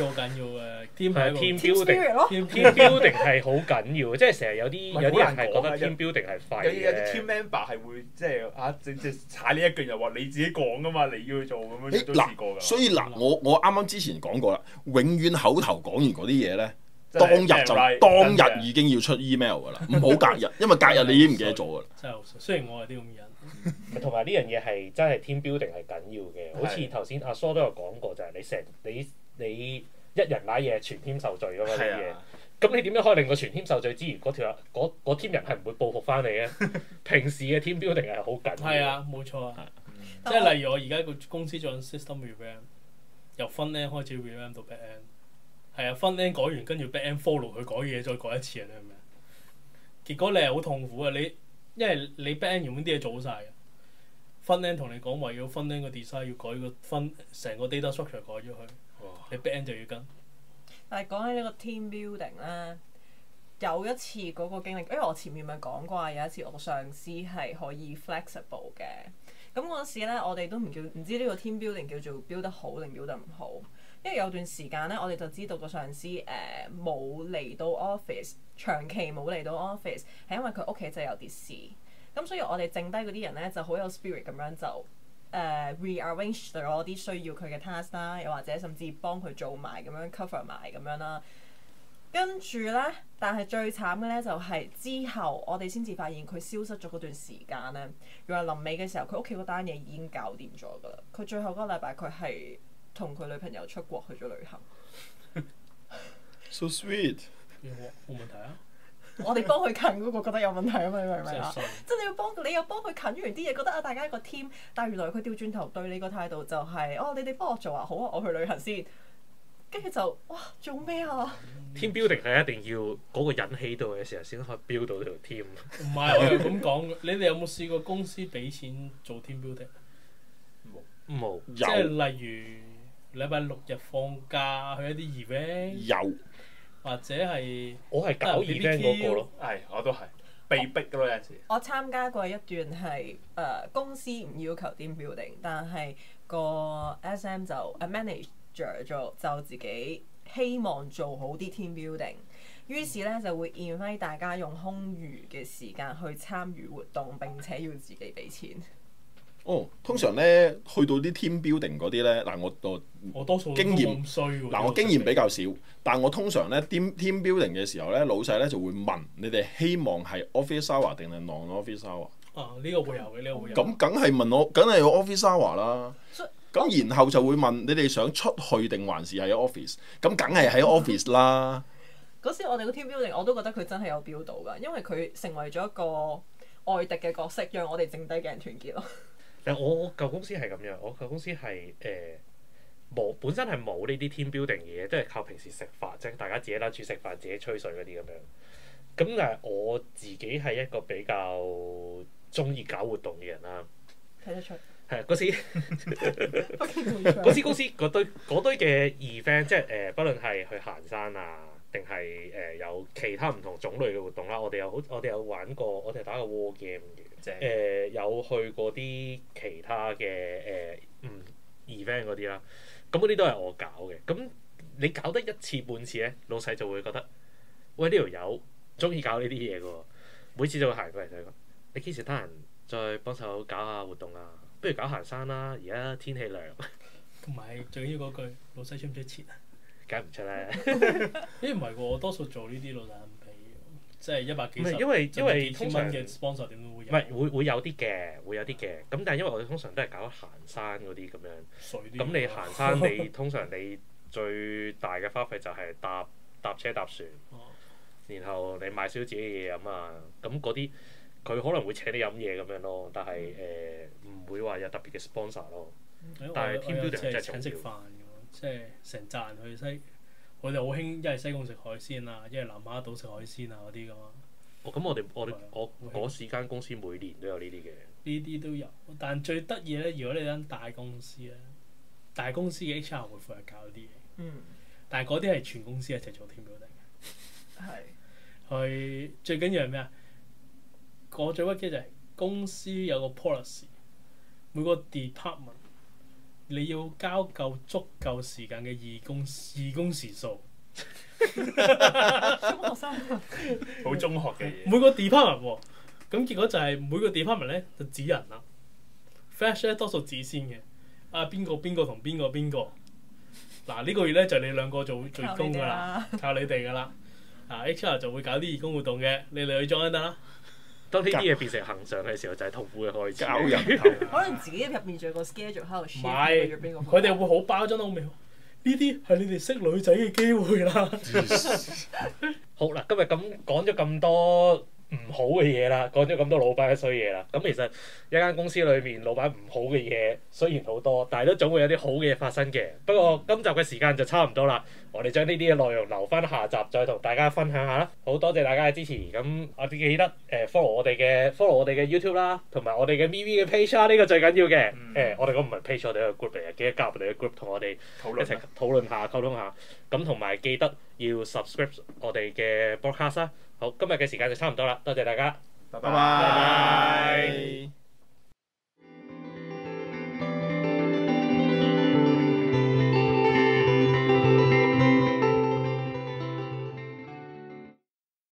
team b u building 咯 team building 係好緊要即係成日有啲有啲人係覺得 team e a building 係廢，嘅。有啲 team member 係會即係、就是、啊，整隻踩你一腳又話你自己講㗎嘛，你要去做咁樣都試過㗎、欸、所以嗱，我我啱啱之前講過啦，永遠口頭講完嗰啲嘢咧。當日就當日已經要出 email 噶啦，唔好 隔日，因為隔日你已經唔記得咗㗎。 真係好衰，雖然我係啲咁人，同埋呢樣嘢係真係 team building 係緊要嘅，的好似頭先阿蘇都有講過就係你成你你一人拉嘢全 team 受罪㗎嘛啲嘢。咁的你點樣可以令到全 team 受罪之餘嗰條嗰嗰 team 人係唔會報復翻你嘅。 平時嘅 team building 係好緊要。係啊，冇錯啊。 即係例如我而家個公司做緊 system revamp 由 front end 開始 revamp 到 back end 係啊，finishing 改完跟住 back end follow 佢改嘢再改一次啊，你明唔明？結果你係好痛苦啊，你因為你 back end 原本啲嘢做晒。finishing 同你講話要 finishing 個 design 要改個分成個 data structure 改咗佢，哦、你 back end 就要跟。但係講起呢個 team building 咧，有一次嗰個經歷，因、哎、為我前面咪講過啊，有一次我上司係可以 flexible 嘅，咁、那、嗰、個、時咧我哋都唔叫唔知呢個 team building 叫做 build 得好定 build 得唔好。因為有段時間咧，我哋就知道個上司誒冇嚟到 office，長期冇嚟到 office，係因為佢屋企真係有啲事。咁所以我哋剩低嗰啲人咧就好有 spirit 咁樣就誒、呃、rearrange 咗 the 啲需要佢嘅 task 啦，又或者甚至幫佢做埋咁樣 cover 埋咁樣啦。跟住咧，但係最慘嘅咧就係、是、之後我哋先至發現佢消失咗嗰段時間咧，原來臨尾嘅時候佢屋企嗰單嘢已經搞掂咗㗎啦。佢最後嗰個禮拜佢係，同佢女朋友出國去咗旅行 ，so sweet，冇 問題啊！我哋幫佢近嗰個覺得有問題啊嘛，你明唔明啊？即係 你要幫你又幫佢近完啲嘢，覺得啊大家一個 team，但係原來佢掉轉頭對你個態度就係、是、哦，你哋幫我做啊，好啊，我去旅行先。跟住就哇，做咩啊、嗯、？team building 係 一定要嗰個引起到嘅時候先可以 build 到呢條 team。唔 係，我要咁講，你哋有冇試過公司俾錢做 team building？冇冇，即係例如。禮拜六日放假去一啲 event，有或者係我係是搞 event 嗰個咯，係 Q、啊、我都係被逼嘅咯有時。我參加過一段係誒、呃、公司唔要求 team building，但係個 SM 就、啊、manager 做就自己希望做好啲 team building，於是咧就會 invite 大家用空餘嘅時間去參與活動，並且要自己俾錢。哦，oh, 通常咧、嗯、去到啲 team building 嗰啲咧，嗱我我經驗嗱我經驗比較少，但我通常咧 team building 嘅時候咧，老細咧就會問你哋希望係 office hour 定定 non office hour 啊？呢、這個會有嘅，呢、這個會有。咁梗係問我，梗係 office hour 啦。咁以然後就會問你哋想出去定還是喺 office？咁梗係喺 office 啦。嗰 時我哋個 team building 我都覺得佢真係有標到㗎，因為佢成為咗一個外敵嘅角色，讓我哋剩低嘅人團結咯。但我我舊公司係咁樣，我舊公司係誒冇本身係冇呢啲 team building 嘢，都係靠平時食飯，即係大家自己攬住食飯，自己吹水嗰啲咁樣。咁但係我自己係一個比較中意搞活動嘅人啦。睇得出。係嗰時嗰時公司嗰堆嗰堆嘅 event，即係誒、呃，不論係去行山啊。定係誒有其他唔同種類嘅活動啦，我哋有好，我哋有玩過，我哋打過 war game 嘅，誒、呃、有去過啲其他嘅誒唔 event 嗰啲啦，咁嗰啲都係我搞嘅，咁你搞得一次半次咧，老細就會覺得，喂呢條友中意搞呢啲嘢㗎喎， 每次就會行過嚟就係講，你幾時得閒再幫手搞下活動啊，不如搞行山啦，而家天氣涼。同 埋最緊要嗰句，老細出唔出錢啊？梗唔出啦，咦唔係喎，我多數做呢啲老細唔俾，即係一百幾十，因為因為通常嘅 sponsor 點都會有唔係會會有啲嘅，會有啲嘅。咁但係因為我哋通常都係搞行山嗰啲咁樣，咁你行山你通常你最大嘅花費就係搭搭車搭船，然後你買少少自己嘅嘢飲啊，咁嗰啲佢可能會請你飲嘢咁樣咯，但係誒唔會話有特別嘅 sponsor 咯。但係 team building 真即係成扎人去西，我哋好興一係西貢食海鮮啊，一係南丫島食海鮮啊嗰啲㗎嘛。咁我哋我哋，我我試間公司每年都有呢啲嘅。呢啲都有，但最得意咧，如果你諗大公司咧，大公司嘅 HR 會負責搞啲嘢。嗯、但係嗰啲係全公司一齊做 team building。係 是。去最緊要係咩啊？我最屈機就係、是、公司有個 policy，每個 department。你要交夠足,足夠時間嘅義工義工時數，中學生好中學嘅， 每個 department 咁、啊、結果就係每個 department 咧就指人啦，flash 咧多數指先嘅，啊邊個邊個同邊個邊個，嗱呢個,個,個,個,個,個月咧就你兩個做義工噶啦，靠你哋噶啦，啊 HR 就會搞啲義工活動嘅，你哋去 join 得啦。當呢啲嘢變成恒常嘅時候，就係痛苦嘅開始。搞入 可能自己入面仲有個 schedule 喺度。佢 哋樂會好包裝到咩？呢啲係你哋識女仔嘅機會啦。 Yes. 好啦，今日咁講咗咁多。唔好嘅嘢啦，講咗咁多老闆嘅衰嘢啦。咁其實一間公司裏面，老闆唔好嘅嘢雖然好多，但係都總會有啲好嘅嘢發生嘅。不過今集嘅時間就差唔多啦，我哋將呢啲嘅內容留返下，下集再同大家分享下啦。好多謝大家嘅支持。咁我哋記得 fo 我、嗯、follow 我哋嘅 follow 我哋嘅 YouTube 啦，同埋我哋嘅 Viv 嘅 page 啦，呢、呢個最緊要嘅。誒、嗯欸、我哋嗰唔係 page，我哋有 group 嚟嘅，記得加入我哋嘅 group 同我哋討論一齊討論下、溝通下。咁同埋記得要 subscribe 我哋嘅 broadcast 啦。好，今日嘅時間就差唔多啦，多謝大家，拜拜。